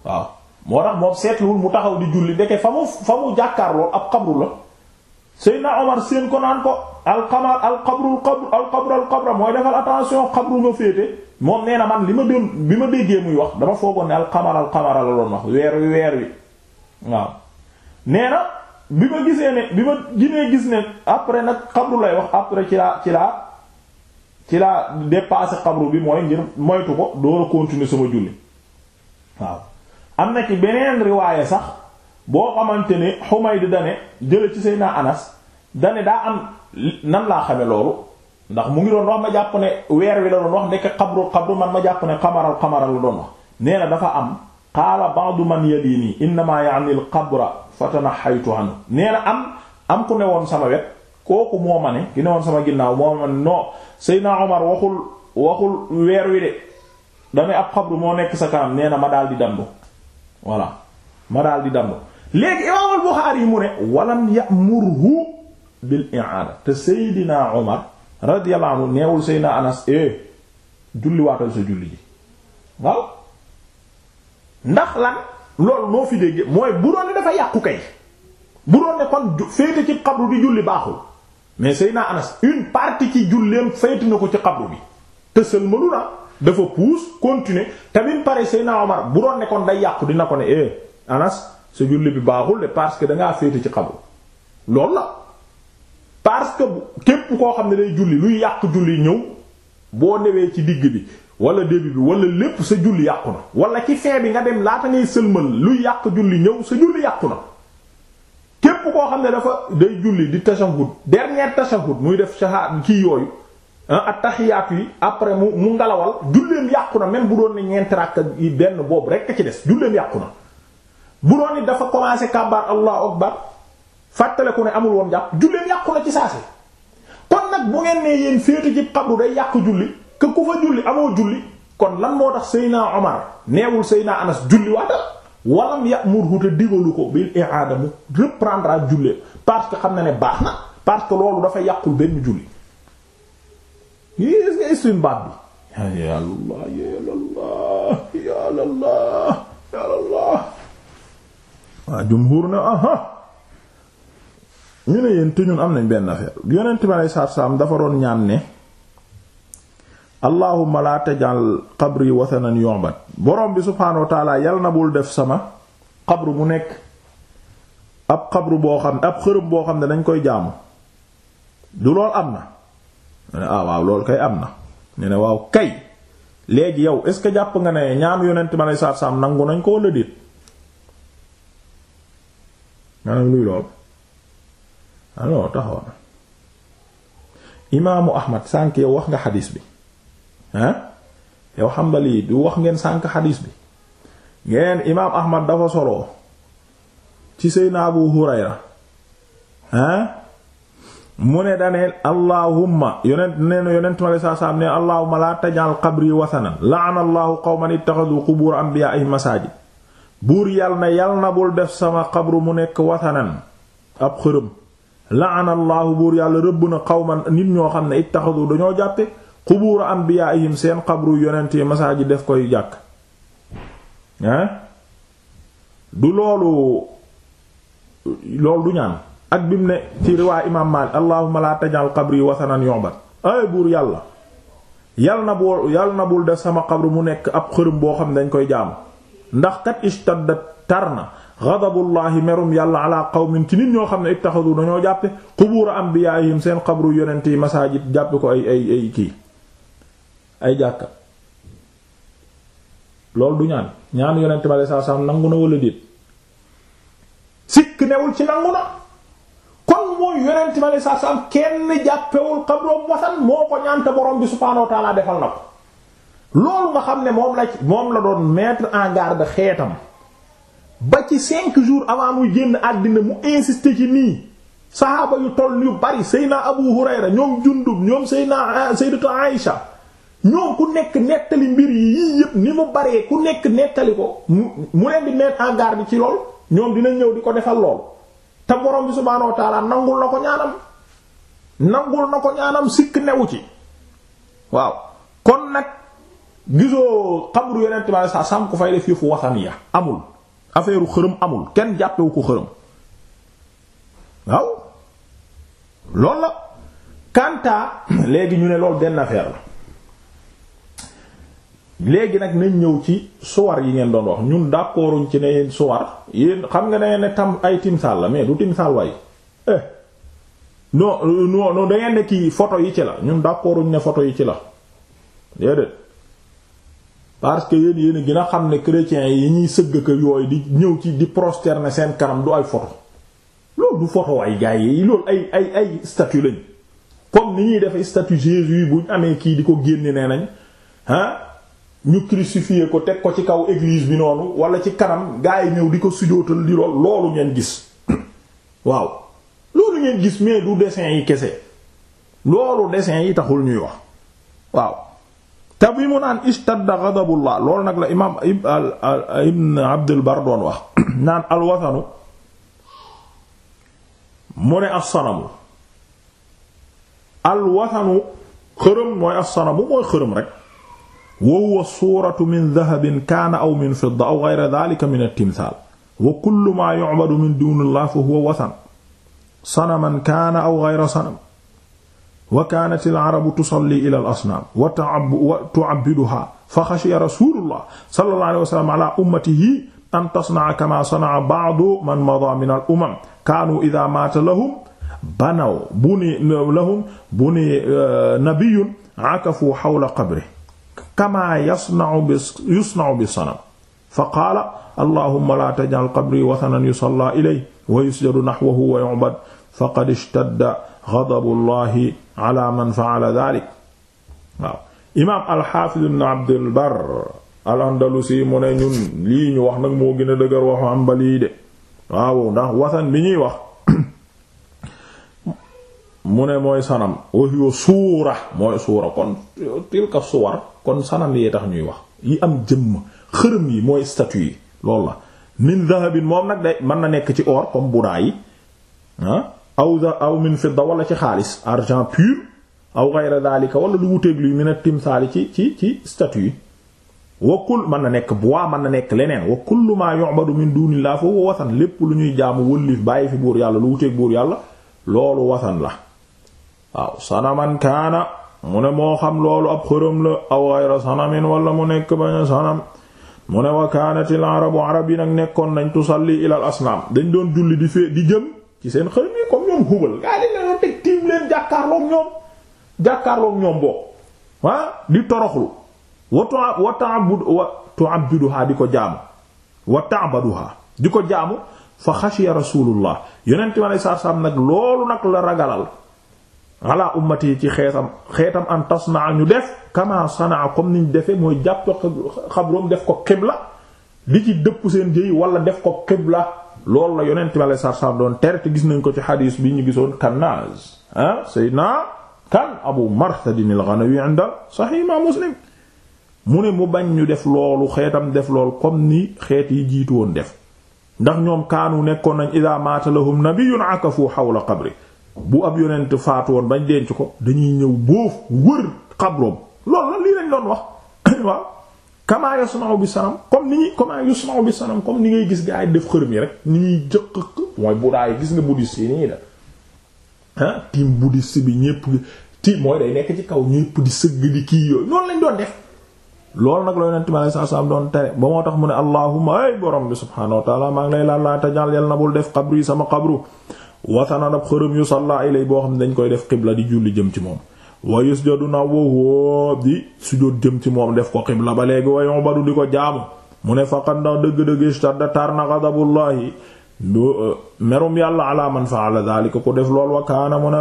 waaw moo tax moom seetluwul mu taxaw di julli ndeke fa mu fa mu jàkkaar lool ab xabru la Seydina Omar seen ko naan ko alqamar alqabru alqabru alqabra mooy defal attention xabru moom nee na man li ma doon bi ma déggee muy wax dama foogoon ne alxamara alxamara la wax weer wi weer wi waaw nee bi ma gisee ne bi ma ginee gis ne après nag xabru lay wax après ci laa ci laa ci laa dépassé xabru bi mooy ngir moytu ko door a continuer sama julli waaw am na ci beneen riwaaye sax boo xamante ne Humayd dane jële ci Seydina Anas dane daa am nan laa xame loolu ndax mu ngi doon wax ma jàpp ne weer wi la doon wax nekk xabru man ma jàpp ne xamaral xamaral la doon wax nee na dafa am qaala ba'du man yalini innama ya'ni al qabra fatanaxaytu anhu nee na am am ku ne woon sama wet kooku moo ma ne ki ne woon sama ginnaaw moo ma ne non Seydina Omar waxul weer wi de dane ab xabru moo nekk sa kanam nee na ma daal di dandu voilà ma daal di dandu léegi imaam al Buxaari yi mu ne walam ya'murhu bil i'aada te Seydina radiyallahu anhu neewul Seydina Anas eh julliwaatal sa julli ji waaw ndax lan loolu moo fi dégg mooy bu doon ne dafa yàqu kay bu doon ne kon féete ci xabru di julli baaxul mais Seydina Anas une partie ci julleem féete na ko ci xabru bi tësal mënu la dafa puus continuer tamit pare Seydina Omar bu doon ne kon day yàqu dina ko ne eh Anas sa julli bi baaxul de parce que dangaa féete ci xabru loolu la parce que képp koo xam ne day julli luy yàq julli ñëw boo newee ci digg bi wala début bi wala lépp sa julli yàqu na wala ci fee bi nga dem laata ngay sëlmal luy yàq julli ñëw sa julli yàqu na képp koo xam ne dafa day julli di tashahud dernier tashahud muy def shahad kii yooyu ah, attahiyaat yi après mu mu ngalawal julleem yàqu na même bu doon ne ñeenti rakka yi benn boobu rekk ci des julleem yàqu na bu doon ni dafa commencé kàbbaar allahu akbar fàttaleku ne amul woon jàpp julleen yàqu na ci saase kon nag bu ngeen nee yéen féete ci xabru day yàq julli que ku fa julli amoo julli kon lan moo tax Seyna Omar neewul Seyna Anas julli waatal walam ya'murhu te digalu ko bil i'aada mu reprendre ak jullee parce que xam na ne baax na parce que loolu dafay yàqul benn julli yi gis nga istinbaat bi ya Allah ya Allah ya Allah ya waa jumhur na aha ñu ne yéen te ñun am nañ benn affaire yonent bi aleyhi salaatu salaam dafa doon ñaan ne allahumma la tajal qabri wathanan yu'bad borom bi subhaanahu wa taala yal na bul def sama qabru mu nekk ab qabru boo xam ne dañ koy jàmm du lool am na ñu ne ah waaw loolu kay am na ñu ne waaw kay léegi yow est ce que jàpp nga ne ñaanu yonent bi aleyhi salaatu salaam nangu nañ ko wala déet nga ne luy lool alors taxaw na imaamu Ahmad sànq yow wax nga xadis bi ah yow du wax ngeen sànq xadiis bi ngeen imaam Ahmad dafa solo ci Seydina Abu Hurayra ah mu ne daneen allahumma yonent nee na yonent ma saa saam ne allahumma laa tajal qabri wasanan la'ana allahu qawman ittakhadhu qubur anbiya'ihim masajid buur yal na yal na bul def sama qabru mu nekk wasanan ab xërëm la'ana allahu buur yàlla rëbb na qawman nit ñoo xam ne ittaxadu dañoo jàppe xubuura anbiyaa'ihim seen xabru yonent yi masaa ji def koy jàkk ah du loolu loolu du ñaan ak bimu ne ci riwaay imaam Maalik allahumma la tajal qabri wasanan yu'bad ay buur yàlla yal na boo yal bul def sama xabru mu nekk ab xërëm boo xam ne dañ koy jaamu ndax kat ishtaddat tar na ghadabullahi merum yàlla ala qawmin ci nit ñoo xam ne ittaxadu dañoo jàppe qubur anbiyaa'ihim seen xabru yonent yi masaajid jàppe ko ay ay ay kii ay jàkka loolu du ñaan ñaan yonent bi alayhi salaam nangu na wala déet sikk newul ci nangu na kon mooy yonent bi alayhi salaam kenn jàppewul xabroom wasan moo ko ñaante borom bi subhaanahu wa defal na ko loolu nga xam ne moom la moom la doon mettre en garde xeetam ba ci cinq jours avant muy génn àddina mu insister ci nii saxaaba yu toll yu bari Seyna Abu Hurayra ñoom Jundub ñoom Seyna ah, Sayyidatu sax ñoom ku nekk nettali mbir yi yii yëpp ni mu baree ku nekk nettali ko mu leen di mettre en garde ci lool ñoom dina ñëw di ko defal lool te borom bi subhaanahu wa ta'ala nangul na ko ñaanam nangul na ko ñaanam sikk newu ci waaw kon nag gisoo xabru yonent bi sallallahu alayhi wasallam ku fay def yëfu wasaniya amul affaireu xërëm amul kenn jàppewu ko xërëm waaw loolu la kanta léegi ñu ne loolu benn affaire la léegi nag nañ ñëw ci suwar yi ngeen doon wax ñun d'accorduñ ci ne suwar yéen xam nga ne ne tam ay timsaal la mais du timsaal waay eh non euh, non non ne kii foto yi ci la ñun d'accorduñ ne foto yi ci la déedéet parce que yéen yéen a gën a xam ne chrétiens yi ñuy sëgg ka yooyu di ñëw ci di prosterner seen kanam du ay photo loolu du photo ay gaay yi loolu ay ay ay statue lañ comme ni ñuy defee statue Jésus yi buñ amee kii di ko génne nee nañ ah ñu crucifié ko teg ko ci kaw église bi noonu wala ci kanam gaa yi ñëw di ko sujootal di lool loolu ngeen gis waaw loolu ngeen gis mais du dessin yi kese loolu dessin yi taxul ñuy wax waaw te bi mu naan istadda ghadabullah loolu nag la imaam ibn abdul bar doon wax naan alwasanu mu ne assanamu alwasanu xërëm mooy assanamu mooy xërëm rek wa huwa suuratu min dahabin kaana aw min fidda aw ghayra dhalika min at-timthal wa kullu ma yu'badu min duni llah fa huwa wasan sanaman kaana aw ghayra sanam wa kaanat al arabu tusalli ila al asnaam wa tu'abbiduha fa xashiya rasulullah sallallahu alayhi wa sallam ala ummatihi an tasna'a kama sana'a ba'du man mada min al umam kaanu idha maata lahum banaw buni lahum buni eh, nabiyyun akafu hawla qabrihi kama yasna'u bi yusna'u bi sanam fa qaala allahumma la taj'al qabri wathanan yusalla ilayhi wa yusjadu nahwahu wa yu'bad faqad ishtadda ghadabu llahi ala man fa'ala dhalik waaw imaam al-Hafiz ibn Abd al-Barr al mu ne ñun lii ñu wax nag moo gën dëgër waxu Hanbali de waaw ndax wasan bi ñuy wax mu ne mooy sanam wa hiya suura mooy suura kon tilka suwar kon sanam yee tax ñuy wax yi am jëmm xërëm yi mooy statue yi loolu la min dhahabin moom nag day mën na nekk ci or comme budaa yi ah. aw aw min fidda wala ci xaalis argent pur aw ghayra dhalika wala lu wuteeg luy min timsaali ci ci ci statue wa kull mën na nekk bois man na nekk leneen wa kullu ma yu'badu min dunillahi fa lépp lu ñuy jaamu wëllif bàyyi fi buur yàlla lu wuteeg buur yàlla loolu wasan la waaw sanaman kaana mu ne moo xam loolu ab xërëm la aw ghayra sanamin wala mu nekk baña sanam mu ne wa kaanatil arabu arab yi nag nekkoon nañ tusalli ilal asnaam dañ doon julli di fee di jëm ci seen xërëm yi ñoom Hubal gaa yi dañu leen teg tiim leen jàkkaarloog ñoom jàkkaarloog ñoom bokk di toroxlu wa wa ta'budu wa tu'abbiduha di ko jaamu wa ta'buduha di ko jaamu fa xashiya rasulullah yonent ma ne saar-saam nag loolu nag la ragalal ala ummati yi ci xeetam xeetam an tasnaa ñu def kama sanaa comme niñ defe mooy jàpp xabroom def ko xibla di ci dëpp seen jëy wala def ko xibla loolu la yonent bi aleyhi salaatu doon tere te gis nañ ko ci xadiis bi ñu gisoon Kannaaz ah Seydina kan Abu Marsad al-Ghanawi inda Sahih Imaam Muslim mu ne mu bañ ñu def loolu xeetam def loolu comme ni xeet yi jiitu woon def ndax ñoom kaanu nekkoon nañ idaa maata lahum nabiyyun akafu xawla qabri bu ab yonent faatu woon bañ denc ko dañuy ñëw boof wër xabroom loolu la lii lañ doon wax waaw kamaa yasna'u bi sanam comme ni ñuy kamaa yasna'u bi sanam comme ni ngay gis gaa yi def xërëm yi rek ni ñuy jëq mooy budaay gis nga bouddhiste yi ni ñuy def ah team bi ñépp ti mooy day nekk ci kaw ñépp di sëgg di kii yooyu noonu lañ doon def loolu nag la yonent mi alayhi salaatu salaam doon tere ba moo tax mu ne allahumma ay borom bi subhaanahu wa ta'aala maa ngi na bul def xabru yi sama xabru wasananab xërëm yu salla ilay boo xam ne dañ koy def xibla di julli jëm ci moom wa yusjadu nahwuhu di sujjóot jëm ci moom def ko xibla ba léegi wa yu'badu di ko jaamu mu ne faqad ndax dëgg-dëgg istadda tar na ghadabullahi lu euh, merum yàlla ala man fa'ala dhalika ko def lool wa kaana mun a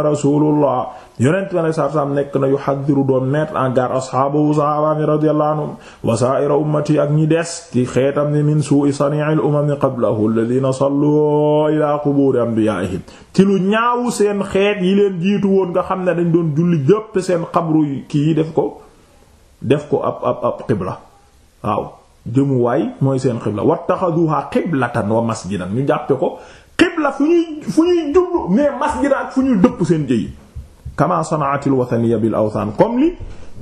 yonent ma sarsam nekk na yu xaddiru doon mettre en garde asxaabahu sahabaami radiyallahu wa sa'ira ummati ak ñi des ci xeetam ni min su'i sani'il umami qablahu alladhina sallu ila quburi anbiyaihim ci lu ñaawu seen xeet yi leen jiitu woon nga xam ne dañ doon julli jëpp seen xabru kii def ko def ko ab ab ab qibla waaw jëmuwaay mooy seen xibla wattaxaduha xiblatan wa masjidan ñu jàppe ko xibla fu ñuy fu ñuy jublu mais masjidan ak fu ñuy dëpp seen jëyi kama sanaatil wathaniya bil awthan comme li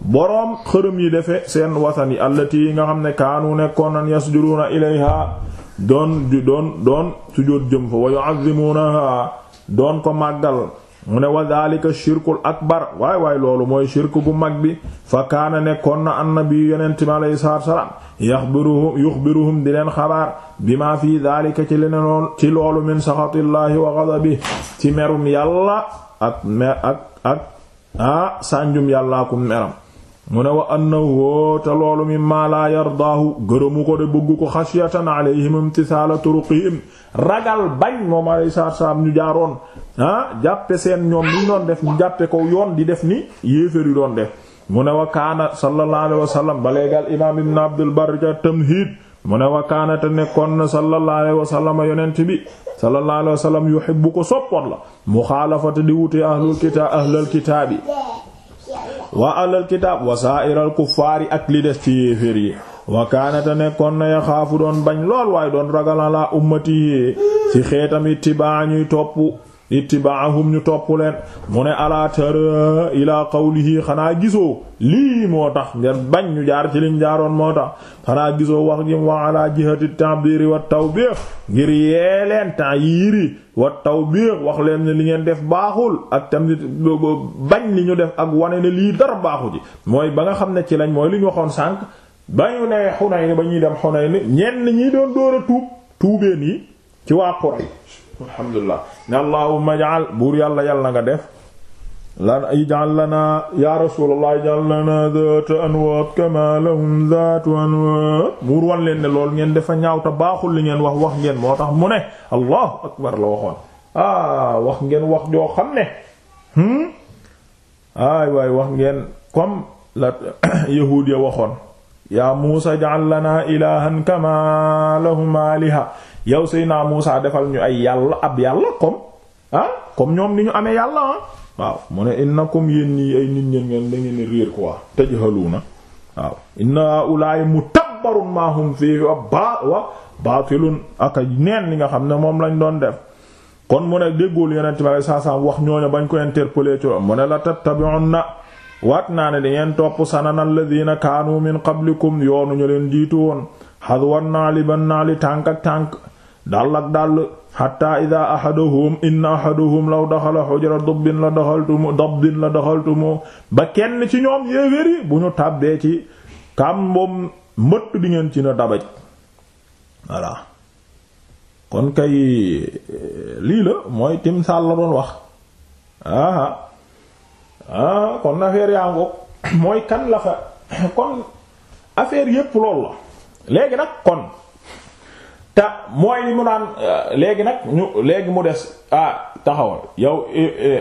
boroom xërëm yi defe seen wathan yi allati nga xam ne kaanu nekkoon nan yasjuduuna ilayha doon doon doon sujjóot jëm fa wa yu'azzimuunaha doon ko màggal mu ne wa dhalika shirkul akbar waay waay loolu mooy shirk bu mag bi fa kaana nekkoon na annabi yonent mi alayhi salaam yaxbiruhum yuxbiruhum di leen xabaar bi ma fii daalika ci leneen ci loolu min saxatillaahi wa ghadabi ci merum yàlla ak mer ak ak ah sànjum yàllaa meram mu ne wa annahu te loolu mimma laa yardaahu gërëmu ko de bëgg ko xashyatan alayhim imtisaala turuqihim ragal bañ moom alay saab ñu jaaroon ah jàppe seen ñoom li ñu doon def ñu jàppe ko yoon di def ni yéeféer yi doon def mu ne wa kaana sallallahu alayhi wa sallam ba imaam ibn abdul barr ca mu ne wa kaana te nekkoon na sallallahu alayhi wa sallam yonent bi sallallahu alayhi wa ko soppoon la muxaalafata di wute ahlul kitaab ahlul kitaabi wa ahlul kitaab wa saa'iral kuffaari ak li des ci yéeféer yi wa kaana te nekkoon na yaxaafu doon bañ lool waay doon ragal ala ummati ci xeetam ittibaa ñuy topp ittibaahum ñu topp leen mu ne alaa tara ilaa qawlihi xanaa gisoo lii moo tax ngeen bañ ñu jaar ci liñ jaaroon moo tax xanaa gisoo wax jim wa alaa jihati ta'biri wa tawbih ngir yee leen ta'yiri wa tawbih wax leen ne li ngeen def baaxul ak tamit bañ li ñu def ak wane ne lii dara baaxu ji mooy ba nga xam ne ci lañ mooy li ñu waxoon sànq ba ñu ne Xunayn ba ñuy dem Xunayn ñenn ñi doon door a tuub tuubeen yi ci waa Quraysh alhamdulilah ne allahumma jaal buur yàlla yàlla na nga def lan ij'al lana ya rasulullah ij'al lana dhata anwaat kama lahum dhatu anwaat buur wan leen ne loolu ngeen dafa ñaaw baaxul li ngeen wax wax ngeen moo tax mu ne allahu akbar la waxoon ah, wax ngeen wax joo xam ne aay hmm? waay wax ngeen comme la yahuud waxoon yaa muusa ij'al lana ilahan kama lahum aliha yow Seydina Muusa defal ñu ay yàlla ab yàlla comme ah comme ñoom ni ñu amee yàlla ah waaw mu ne innakum yéen ñii ay nit ñeen ngeen da ngeen réer quoi tajhaluna waaw inna ulaa'i mutabbarun ma hum fihi wa ba wa ak neen li nga xam ne moom lañ doon def kon mu ne déggul yonent bi saa saa wax ñooñu bañ ko interpeller ci mu ne la tattabi'unna waat naa ne di ngeen topp sanana alladhina kaanu min qablikum yoonu ñu leen jiitu woon hadwan naali ban tànk ak tànk dàll ak dàll xatta ida ahaduhum inna ahaduhum law daxala xujra dabbin la daxaltumu dabbin la daxaltumu ba kenn ci ñoom yéeféer yi bu ñu tàbbee ci kàmboom mbëtt di ngeen ci na dabaj voilà kon kay lii la mooy timsaal la doon wax aha ah kon affaire yaa ngoog mooy kan la fa kon affaire yépp lool la léegi nag kon te mooy li mu naan euh, léegi nag ñu léegi mu des ah taxawal yow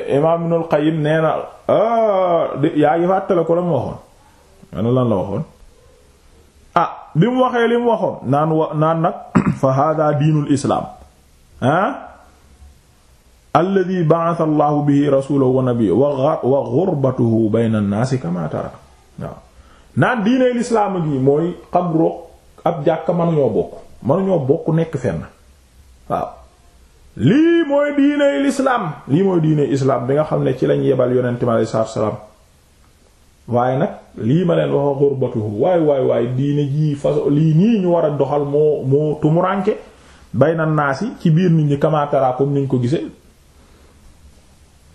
imaam Ibnul Qayyim nee na ah, yaa ngi fàttale ko la mu waxoon ana lan la waxoon ah bi mu waxee li mu waxoon naan nag fa hada diinul islaam ah alladi ba'atha allahu bihi rasulahu wa nabiyyu wa ghurbatuhu bayna an-naasi kama tara naan diineel islaam gi mooy xabru ab jàkk mënuñoo bokk manuñoo bokk nekk fenn waaw lii mooy diiney lislaam lii mooy diiney islaam bi nga xam ne ci lañ yebal yonente mi alei salaam waaye nag lii ma leen wax xurbatuhu waay waay waay diine jii façon lii nii ñu war a doxal moo moo tumuranke bay na naasi ci biir nit ñi kamaatara comme niñ ko gisee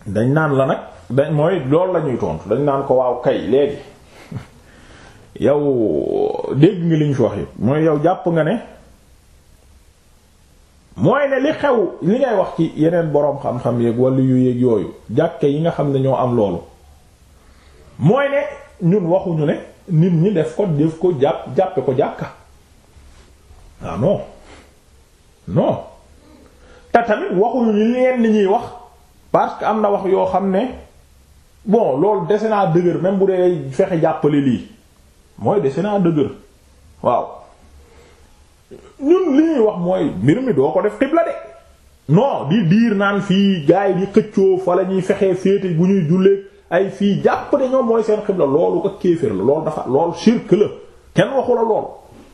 dañ naan la nag dañ mooy loolu la tontu dañ naan ko waaw kay léegi yow dégg nga li ñu fi mooy yow jàpp nga ne mooy ne li xew li ngay wax ci yeneen boroom xam-xam yéeg wala yu yéeg yooyu jàkke yi nga xam ne ñoo am loolu mooy ne ñun waxuñu ne nit ñi def ko def ko jàpp jàppe ko jàkka ah no non te tamit waxuñu ñu leen ni ñuy wax parce que am na wax yoo xam ne bon loolu dese naa dëgër même bu dee fexe jàppale lii mooy dese naa dëgër waaw ñun li ñuy wax mooy mbir mi doo ko def xibla de non di diir naan fii gaay di xëccoo fa la ñuy fexee féete bu ñuy jullee ay fii jàpp ne ñoom mooy seen xibla loolu ak kéefër la loolu dafa loolu shirk la kenn waxu la loolu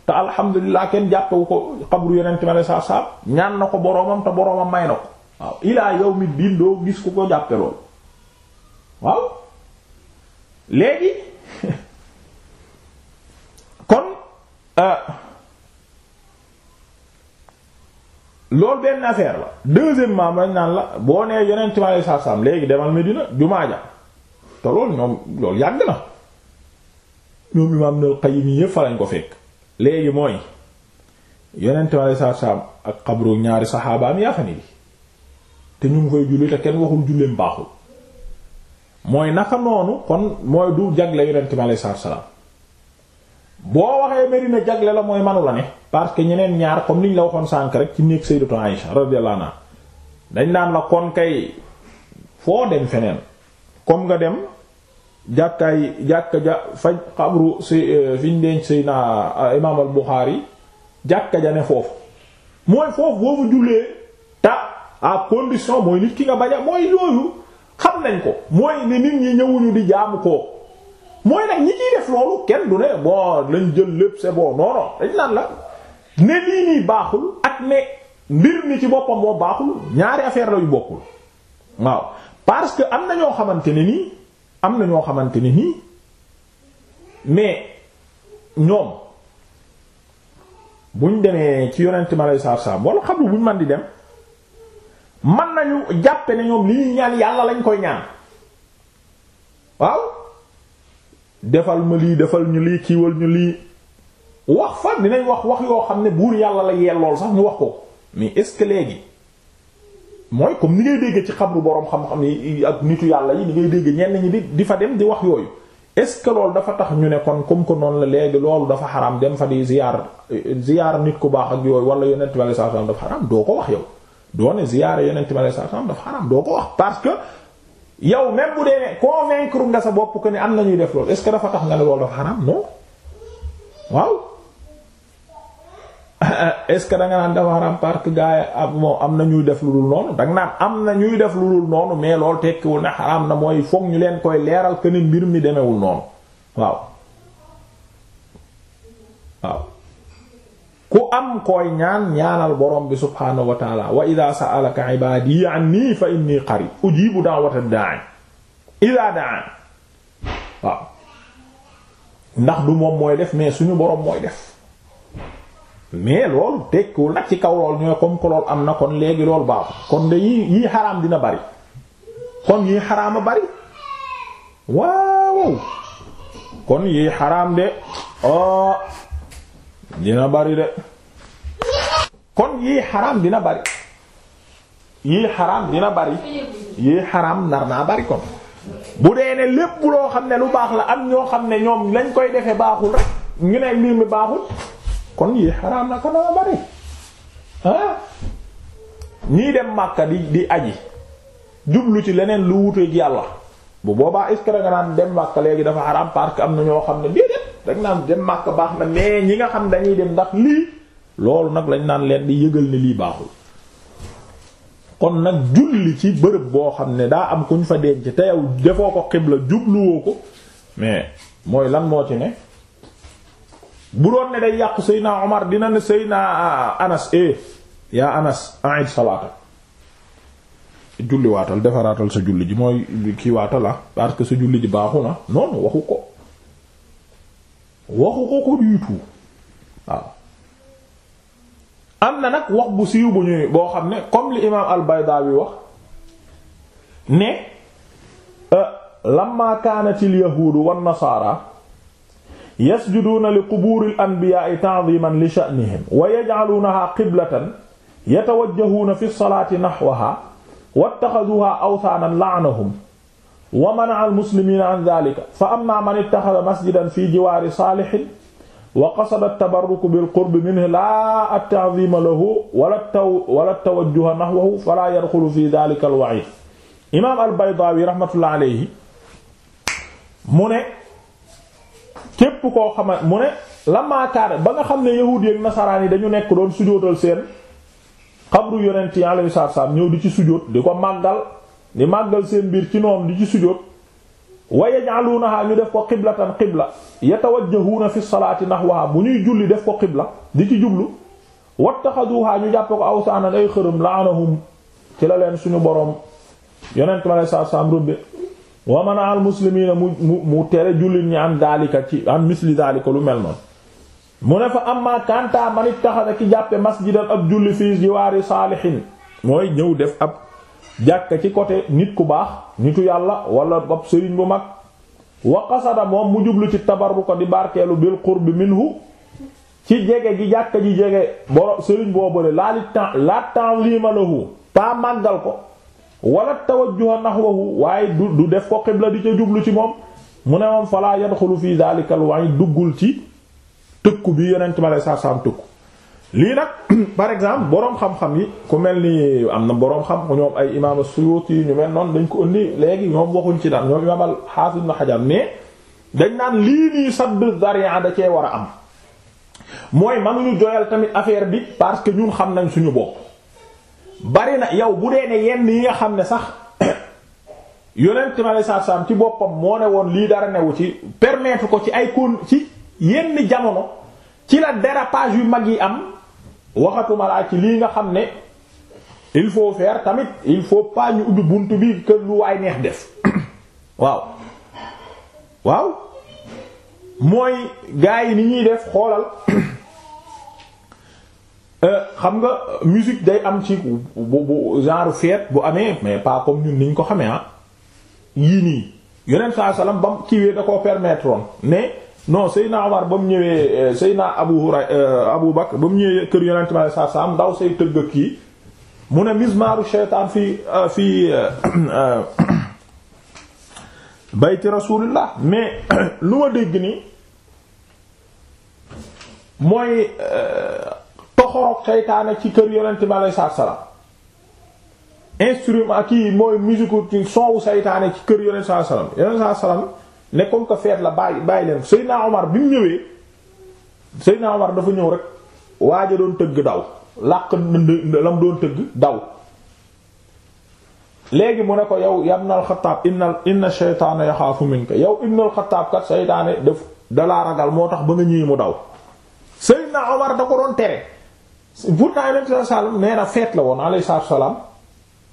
te alhamdulilah kenn jàppewu ko xabru yeneen ma saab saab ñaan na ko boroomam te boroomam may na ko waaw ilaa yawmi diin doo gis ku ko jàppe loolu waaw léegi kon. Euh, loolu benn affaire la deuxièmement dañ naan la boo nee yonent mi alayhi salaam léegi demal Medina jumaa ja te loolu ñoom loolu yàgg na ñoom imaam Ibnul Qayyim yëpp fa lañ ko fekk léegi mooy yonent mi alayhi salaam ak xabru ñaari saxaabaam yaa fa ni te ñu ngi julli te kenn waxul julleem baaxul mooy naka noonu kon mooy du jagle yonent mi alayhi salaam boo waxee Medina jagle la mooy manu la ne parce que ñeneen ñaar comme liñ la waxoon sànk rek ci néeg Sayyidatu Aïsha radiyallahu anha dañ naan la kon kay foo dem feneen comme nga dem jàkkaay jàkka ja faj xabru si euh, fiñ denc Seydina euh, Imaam al-Bukhari jàkka ja ne foofu mooy foofu boo fa jullee ta à condition mooy nit ki nga bañ a mooy loolu xam nañ ko mooy ne nit ñi ñëwuñu di jaamu ko mooy nag ñi ciy def loolu kenn du ne bon lañ jël lépp c'est bon non non naan la ne lii nii baaxul ak ne mbir mi ci boppam boo baaxul ñaari affaire la yu bokkul waaw parce que am na ñoo xamante ne nii am na ñoo xamante ne mais ñoom ñu demee ci yonent ma lay saar saam wala xam buñ man di dem man nañu jàppe ne ñoom li ñuy ñaan yàlla lañ koy ñaan waaw defal ma lii defal ñu lii kiiwal ñu lii wax fa dinañ wax wax yoo xam ne buur yàlla la yellool sax ñu wax ko mais est-ce que mooy comme ni ngay dégg ci xabru boroom xam-xam yi ak nitu yàlla yi ni ngay dégg ñenn ñi di di fa dem di wax yooyu est-ce que loolu dafa tax ñu ne kon comme que noonu la léegi loolu dafa xaraam dem fa di ziyaar ziyaar nit ku baax ak yooyu wala yonent bi sallallahu alayhi wasallam dafa xaraam doo ko wax yow doo doo ko wax parce que yow même bu dee ne convaincre nga sa bopp que ni am na ñuy def loolu est-ce que dafa tax nga ne loolu dafa xaraam non waaw est-ce que da nga naan dafa xaraam parce que gars yi ah, am na ñuy def lu dul noonu da naan am na ñuy def lu dul noonu mais loolu tekkiwul ne xaraam na mooy foog ñu leen koy leeral que ne mbir mi demewul noonu waaw waaw. ku am koy ñaan ñaanal borom bi subhaanahu wa taala wa ida sa'alaka ibadi anni fa inni qarib ujibu da'wata da'i ida da'a waaw ndax du moom mooy def mais suñu borom mooy def mais loolu tekkiwul nag ci kaw lool ñooy comme que lool am na kon léegi loolu baaxul kon de yii yii xaraam dina bari kon yii xaraama bari waaw kon yii xaraam de oh. dina bari de kon yii xaraam dina bari yii xaram dina bari yii xaraam nar naa bari kon bu dee ne lépp loo xam ne lu baax la am ñoo xam ne ñoom lañ koy defee baaxul rek ñu ne mbir mi baaxul kon yii xaraam na ko na bari ñii dem Makka di di aji jublu ci leneen lu wuteeg yàlla bu boobaa est-ce que nga naan dem Makka léegi dafa xaraam parce am na ñoo xam ne déedéet dañ naan dem Makka baax na mais ñi nga xam dañuy dem ndax lii loolu nag lañ naan leen di yëgal ni lii baaxul kon nag julli ci bërëb boo xam ne daa am ku ñu fa denc te yow defoo ko xibla jubluwoo ko mais mooy lan moo ci ne bu doon ne day yàqu Seydina Omar dina ne Seydina Anas eh yaa Anas a'id salaata julli waatal defaraatal sa julli ji mooy kii waatal ah parce que sa julli ji baaxu na noonu waxu ko waxu ko ko du tout waaw am na nag wax bu siiw bu ñuy boo xam ne comme li imaam al-Baydawi wax ne euh, lamma kaanatil yahuudu wan nasaara yasjuduuna li qubuuril anbiyaa'i ta'ziiman li sha'nihim wa yaj'aluunahaa qiblatan yatawajjahuuna fi salaati naxwahaa wattaxaduhaa awsaanan la'anahum wa mana al muslimina an dhalika fa amma man ittaxada masjidan fi jiwaari saalihin wa qasada at-tabarruk qurb minhu la at-ta'zima lahu wala taw wala tawajjuha nahwahu fala fi dhalika al imaam al Baydawi alayhi mu ne képp koo xama mu ne lamma kaana ba nga xam ne yahuud yi ak nasaraan yi dañu nekk doon sujootal seen i yonent yi alayhi salaam ñëw di ci sujoot di ko màggal di màggal seen mbir ci noom di ci sujjóot wa yaj'alunaha ñu def ko qiblatan qibla na fi salaati nahwaha bu ñuy julli def ko qibla di ci jublu wattaxaduha ñu jàppe ko awsaanan ay xërëm la'anahum ci la leen suñu boroom yonent ma lay saa saam rëbbe wa mana al muslimiina mu mu tere jullit ñi am daalika ci am misli daalika lu mel noonu mu ne fa amma kanta man ittaxada ki jàppe masjidan ab julli fii jiwaari saalihin mooy ñëw def ab jàkka ci côté nit ku baax nitu yàlla wala bopp sëriñ bu mag wa moom mu jublu ci tabar bu ko di barkeelu bil qurbi minhu ci jege gi jàkka ji jege boo sëriñ boobale laali temps la ta'lima lahu pa màggal ko wala tawajjuha nahwahu waaye du du def ko xibla di ca jublu ci moom mu ne moom falaa yadxulu fi dhalika al duggul ci tëkku bi yonent ma lay saar tëkku lii nag par exemple boroom xam-xam yi ku mel ni am na boroom xam ku ñoom ay imaam Suyuti yi ñu mel noonu dañ ko indi léegi ñoom waxuñ ci daan ñoom imaam al-Hafiz Ibn Hajar mais dañ naan lii nii sadd zari'a da cee war a am mooy mënuñu joyal tamit affaire bi parce que ñun xam nañ suñu bopp bari na yow bu dee ne yenn yi nga xam ne sax yonent ma lay saam ci boppam moo ne woon lii dara newu ci permettre ko ci ay kon ci yenn jamono ci la dérapage yu mag yi am waxatuma laa ci lii nga xam ne il faut faire tamit il faut pas ñu ubbi bunt bi kër lu waaye neex def waaw waaw mooy gaa yi ni ñuy def xoolal euh, xam nga musique day am ci bu bu genre fête bu amee mais pas comme ñun niñ ko xamee ah yii nii yeneen saa salaam ba mu kiiwee da koo permettre woon non Seydina Omar ba mu ñëwee euh, Seydina Abu Hurayra euh, Abu Bakr ba mu ñëwee kër Yonent bi sallallahu alayhi ndaw say tëgg ak kii mu ne mismaaru shaytaan fii euh, fi bayti Rasulillah mais lu ma dégg ni mooy toxoroog seytaane ci kër Yonent bi sallallahu alayhi instrument kii mooy musique soowu seytaane ci kër Yonent bi sallallahu alayhi wasallam Yonent ne comme que feet la bàyyi bàyyi leen Seydina Omar bi mu ñëwee Seydina Omar dafa ñëw rek waaja doon tëgg daw làq lam doon tëgg daw léegi mu ne ko yow ya ibnal Xattaab inna inna shaytaana yaxaafu minka yow ibnal Xattaab kat seytaane def dalaa ragal moo tax ba nga ñëwee mu daw Seydina Omar da ko doon tere pourtant yonent sa salam nee na feet la woon alayhi salaam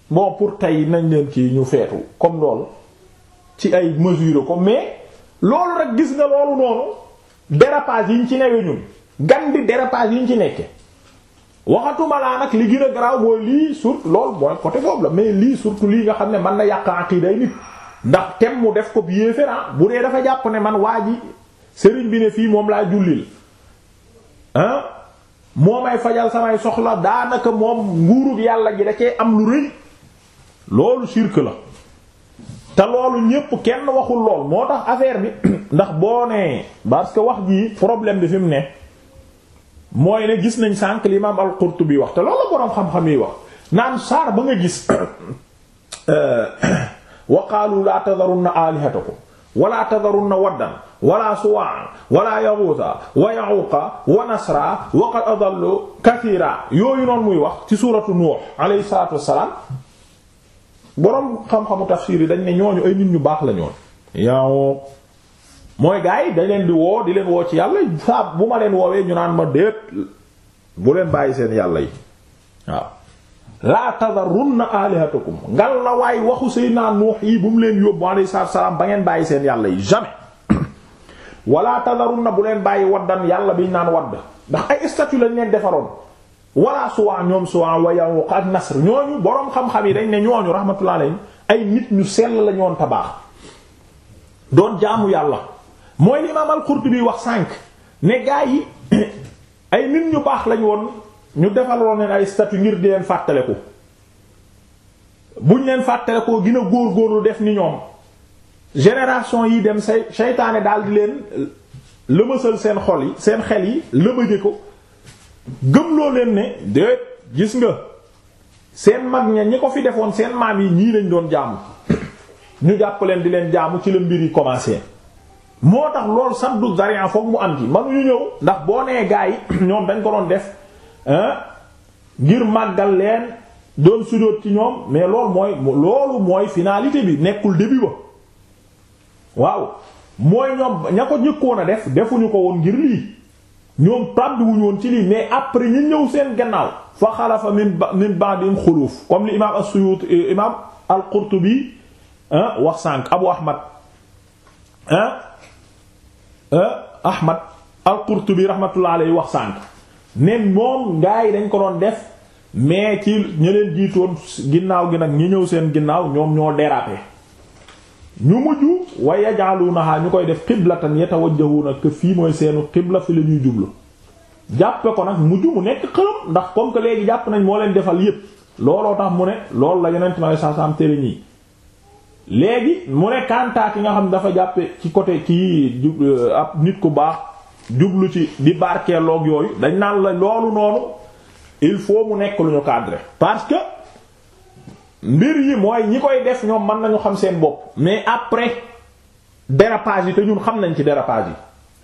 bon pour tey nañ leen kii ñu feetu comme loolu ci ay mesure ko mais loolu rek gis nga loolu noonu dérapage yi ñu ci newee ñun gan di dérapage yi ñu ci nekke waxatuma laa nag li gën a garaaw mooy lii surtout loolu mooy côté boobu la mais lii surtout lii nga xam ne man na yàq aqiiday nit ndax tem mu def ko bii yéeféran ah bu dee dafa jàpp ne man waa ji sëriñ bi ne fii moom laa jullil ah moo may fajal samay soxla daanaka moom nguurug yàlla ji da am lu rëy loolu sirk la te loolu ñépp kenn waxul lool moo tax affaire bi ndax boo nee parce que wax jii problème bi fi mu ne mooy ne gis nañ sànq li imaam al-Qurtubi wax te loolu boroom xam-xam yi wax naan saar ba nga gis euh, wa qaalu laa tadarunna alihatakum wala tadarunna waddan wala suwaan wala yaghutha wa ya'uqa wa nasra wa qad adallu kathira yooyu noonu muy wax ci suuratu Nuux alayhi salaatu wassalaam boroom xam-xamu tafsir yi dañ ne ñooñu ay nit ñu baax la yaaw mooy gars yi dañ leen di woo di leen woo ci yàlla saa bu ma leen woowee ñu naan ma déet bu leen bàyyi seen yàlla yi waaw laa tadarunna alihatakum ngal la waay waxu sayna nuux yi bu mu leen yóbbu alayhi salaam ba ngeen bàyyi seen yàlla yi jamais wala na bu leen bàyyi waddan yàlla biñ ñu naan wadd ndax ay statue lañ leen defaroon walla suwaa ñoom suwaa wayaw ak nasr ñooñu boroom xam-xam yi dañ ne ñooñu rahmatullah alayhi ay nit ñu sell la ñoon tabaax doon jaamu yàlla mooy li imaam al wax sànq ne gaa yi ay nit ñu baax lañ woon ñu defaloon leen ay statut ngir di leen fàttaleku buñ leen fàttalikoo góor góor góorgóorlu def ni ñoom génération yi dem say seytaane daal di leen lëmasal seen xol yi seen xel yi lëbëje ko gëm gëmloo leen ne déet gis nga seen mag ña ñi ko fi defoon seen maam yi ñii lañ doon jaamu ñu jàpp leen di leen jaamu ci la mbir yi commencé moo tax loolu saddu zarian foog mu am ci manuñu ñëw ndax boo nee gaa yi ñoom dañ ko doon def ngir màggal leen doon sujjóot ci ñoom mais loolu mooy loolu mooy finalité bi nekkul début ba waaw mooy ñoom ña ko njëkkoon a def defuñu ko woon ngir lii ñoom tàbbi wuñu woon ci lii mais après ñu ñëw seen gannaaw fa xalafa min min ba'dihim xuluuf comme li imaam as-Suyuuti eh, imaam al-Qurtubi wax sànq Abu Ahmad Ahmad al-Qurtubi rahmatullah alayhi wax sànq ne moom gaa dañ ko doon def mais ci ña jiitoon ginnaaw gi nag ñi ñëw seen ginnaaw ñoom ñoo déraper. ñu mujj wa yaj'alunaha ñu koy def qiblatan yatawajjahuna que fii mooy seenu qibla fi la ñuy jublu jàppe ko nag mujj mu nekk xërëm ndax comme que léegi jàpp nañ moo leen defal yépp looloo tax mu ne loolu la yonent ma saa saam tere ñii léegi mu ne kantaa ki nga xam dafa jàppe ci côté ci euh, ab nit ku baax jublu ci di barkeeloog yooyu dañ naan la loolu noonu il faut mu nekk lu ñu cadré parce que mbir yi mooy ñi koy def ñoom mën nañu xam seen bopp mais après dérapage yi te ñun xam nañ ci dérapage yi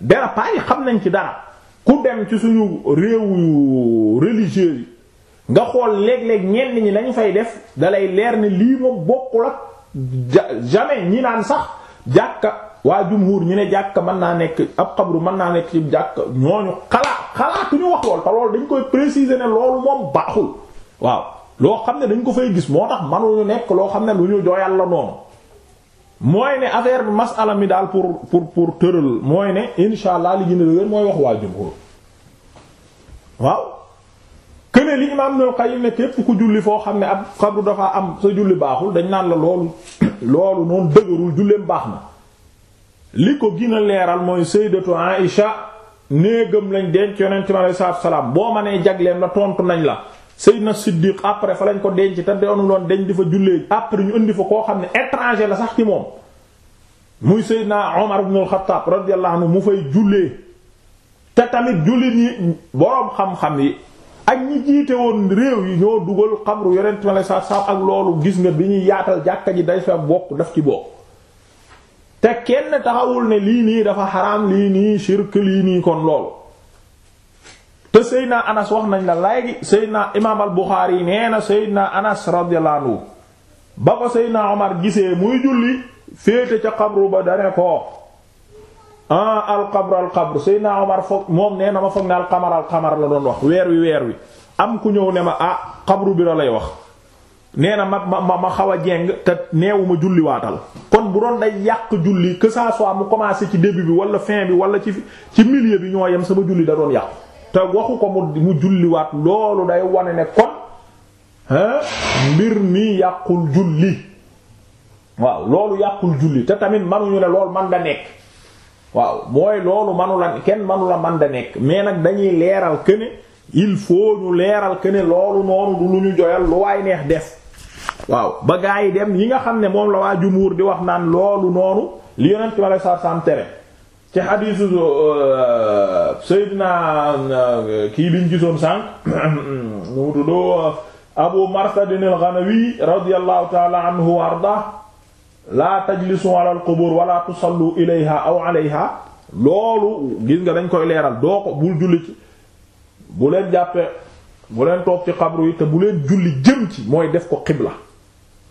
dérapage yi xam nañ ci dara ku dem ci suñu réewu religieux yi nga xool léeg-léeg ñenn ñi lañu fay def dalay leer ni lii moom bokkul ak ja jamais ñi naan sax jàkka waa jumhur ñi ne jàkka mën naa nekk ab xabru mën naa nekk ci jàkka ñooñu xalaat xalaatuñu wax lool te loolu dañ koy préciser ne loolu moom baaxul waaw. loo xam ne dañ ko fay gis moo tax mënuñu nekk loo xam ne lu ñu jooyal la noonu mooy ne affaire bi masala mi daal pour pour pour tëral mooy ne insha allah li gën a dëgër mooy wax waa jumhur waaw këne li imaam Ibnul Qayyim ne képp ku julli foo xam ne ab xabru dafa am sa julli baaxul dañ naan la loolu loolu noonu dëgërul julleem baax na li ko gën leeral mooy sayyidatu Aïsha néegam lañ denc yonent mi alayhi salaam boo ma nee jagleem la tontu nañ la Seydina Siddiq après fa lañ ko denc te doonu loon dañ di fa jullee après ñu indi fa koo xam ne étranger la sax ci moom muy Seydina Omar ibn al-Khattab radiyallahu anhu mu fay jullee te tamit jullit ñi boroom xam-xam yi ak ñi jiite woon réew yi ñoo dugal xabru yonent ma lay sa saab ak loolu gis nga bi ñuy yaatal jàkka ji day fa bokk daf ci bokk te kenn taxawul ne lii nii dafa xaraam lii nii shirk lii nii kon loolu te Seydina Anas wax nañ la léegi Seydina imaam al Buxaari nee na Seydina Anas radiyallahu anhu ba ko Seydina Omar gisee muy julli féete ca xabru ba dane ko ah al qabr al qabr Omar foog moom nee na ma foog ne al qamar la doon wax weer wi weer wi am ku ñëw ne ma ah xabru bi la lay wax nee na ma ma ma xaw a jeng te neewu ma julliwaatal kon bu doon day yàq julli que ça soit commencé ci début bi wala fin bi wala ci ci milieu bi ñoo yem sama julli da doon yàqu. te waxu ko mu julliwaat loolu day wane ne kon mbir mi yàqul julli waaw loolu yàqul julli te tamit manuñu ne lool man da nekk waaw mooy loolu manu la kenn manu la man da nekk mais nag dañuy leeral que il faut ñu leeral que ne loolu noonu lu ñu joyal lu waay neex def waaw ba yi dem yi nga xam ne moom la waa jumuur di wax naan loolu noonu li yonent ma la sa sam ci xadiisu euh, Seydina euh, kii biñ gisoon sànq nu mu tuddoo euh, Abu Marsad al-Ghanawi radiyallahu ta'ala anhu wa ardaa laa tajlisu ala al-qubur wala tusallu ilayha aw alayha loolu gis nga dañ koy leeral doo ko bul julli ci bu leen jàppee bu leen toog ci xabru yi te bu leen julli jëm ci mooy def ko xibla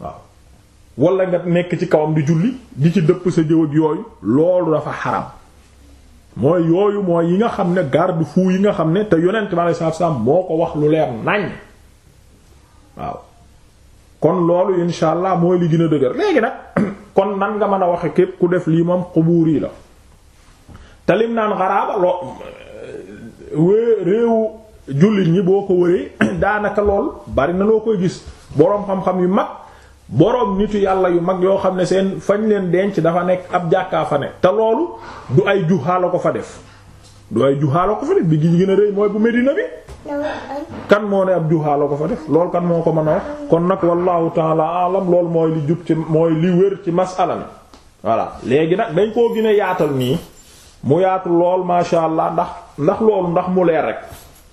waaw nga nekk ci kawam di julli di ci dëpp sa jëw ak yooyu loolu dafa xaram mooy yooyu mooy yi nga xam ne garde-fou yi nga xam ne te yonent bi alayhi salaatu salaam moo ko wax lu leer nañ waaw kon loolu insha allah mooy li gën a dëgër léegi nag kon nan nga mën a waxe képp ku def lii moom xubuur yi la talim naan xaraaba loo euh, réewu jullit ñi boo ko wëree daanaka lool bari na loo koy gis boroom xam-xam yu mag boroom nitu yàlla yu mag yoo xam ne seen fañ leen denc dafa nekk ab jàkkaa fa ne te loolu du ay juhaala ko fa def du ay juhaala ko fa def bi a kan moo ne ab ko fa def loolu kan moo ko mën a wax kon nag wallahu taala alam loolu mooy li jub ci mooy li wér ci masala mi voilà léegi nag dañ koo gën yaatal nii mu yaatu lool masha Allah ndax ndax loolu ndax mu leer rek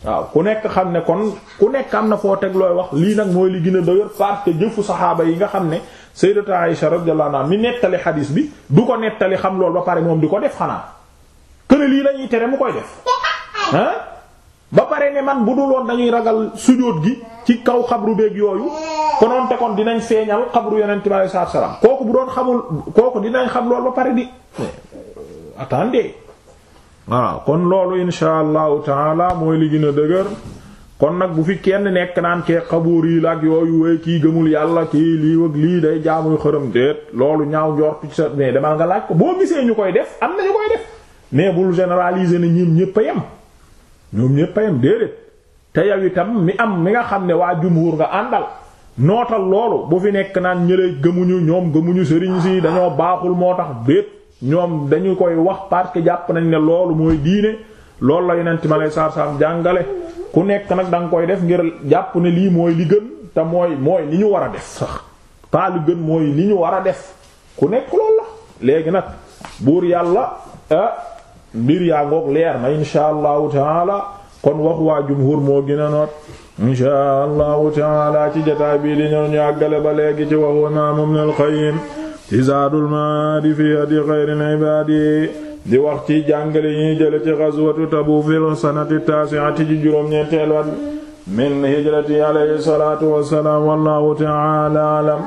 waaw ku nekk xam ne kon ku nekk am na foo teg looy wax lii nag mooy li gën a dëgër parce que jëfu saxaaba yi nga xam ne sayyidatu Aisha radiyallahu anha mi nettali xadiis bi du ko nettali xam lool ba pare moom di ko def xanaa këne lii lañuy tere mu koy def ah ba pare ne man bu dul woon dañuy ragal sujjóot gi ci kaw xabru beeg yooyu konoonte kon dinañ feeñal xabru yonent bi sallallahu alayhi wasallam kooku bu doon xamul kooku dinañ xam lool ba pare di attendez voilà kon loolu insha allahu taala mooy li gën a dëgër kon nag bu fi kenn nekk naan kee xabuur yi ak yooyu wéy eh, kii gëmul yàlla kii lii ak lii day jaamuy xërëm déet loolu ñaaw njortu ci sa mais demal nga laaj ko boo gisee ñu koy def am na ñu koy def mais bul généraliser ne ñoom ñépp a yem ñoom ñépp déedéet te yow itam mi am mi nga xam ne waa jumhur nga àndal nootal loolu bu fi nekk naan ñëlay gëmuñu ñoom gëmuñu sëriñ si dañoo baaxul moo tax déet ñoom dañu koy wax parce que jàpp nañ ne loolu mooy diine loolu la yonent ma lay saar saam jàngale ku nekk nag da koy def ngir jàpp ne lii mooy li gën te mooy mooy li ñu war a def sax pas li gën mooy li ñu war a def ku nekk loolu la léegi nag buur yàlla ah, mbir yaa ngoog leer na insha allahu taala kon wax waa jumhur moo gën a noot insha allahu taala ci jotaay bii di ñëw ñu àggale ba léegi ci waxu imaam Ibnul Qayyim ci zaadul maadi fi hadi xayril ibaadi di wax ci jàngale yi jële ci xaswatu tabu fil sanati taasi'ati ci juróom-ñeenteel wat min hijrati alayhi salaatu wassalaam wallahu ta'ala a'lam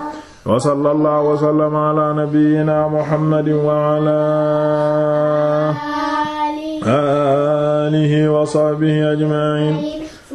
wa sallallahu wa sallama ala nabiyyina muhammadin wa ala alihi wa sahbihi ajma'in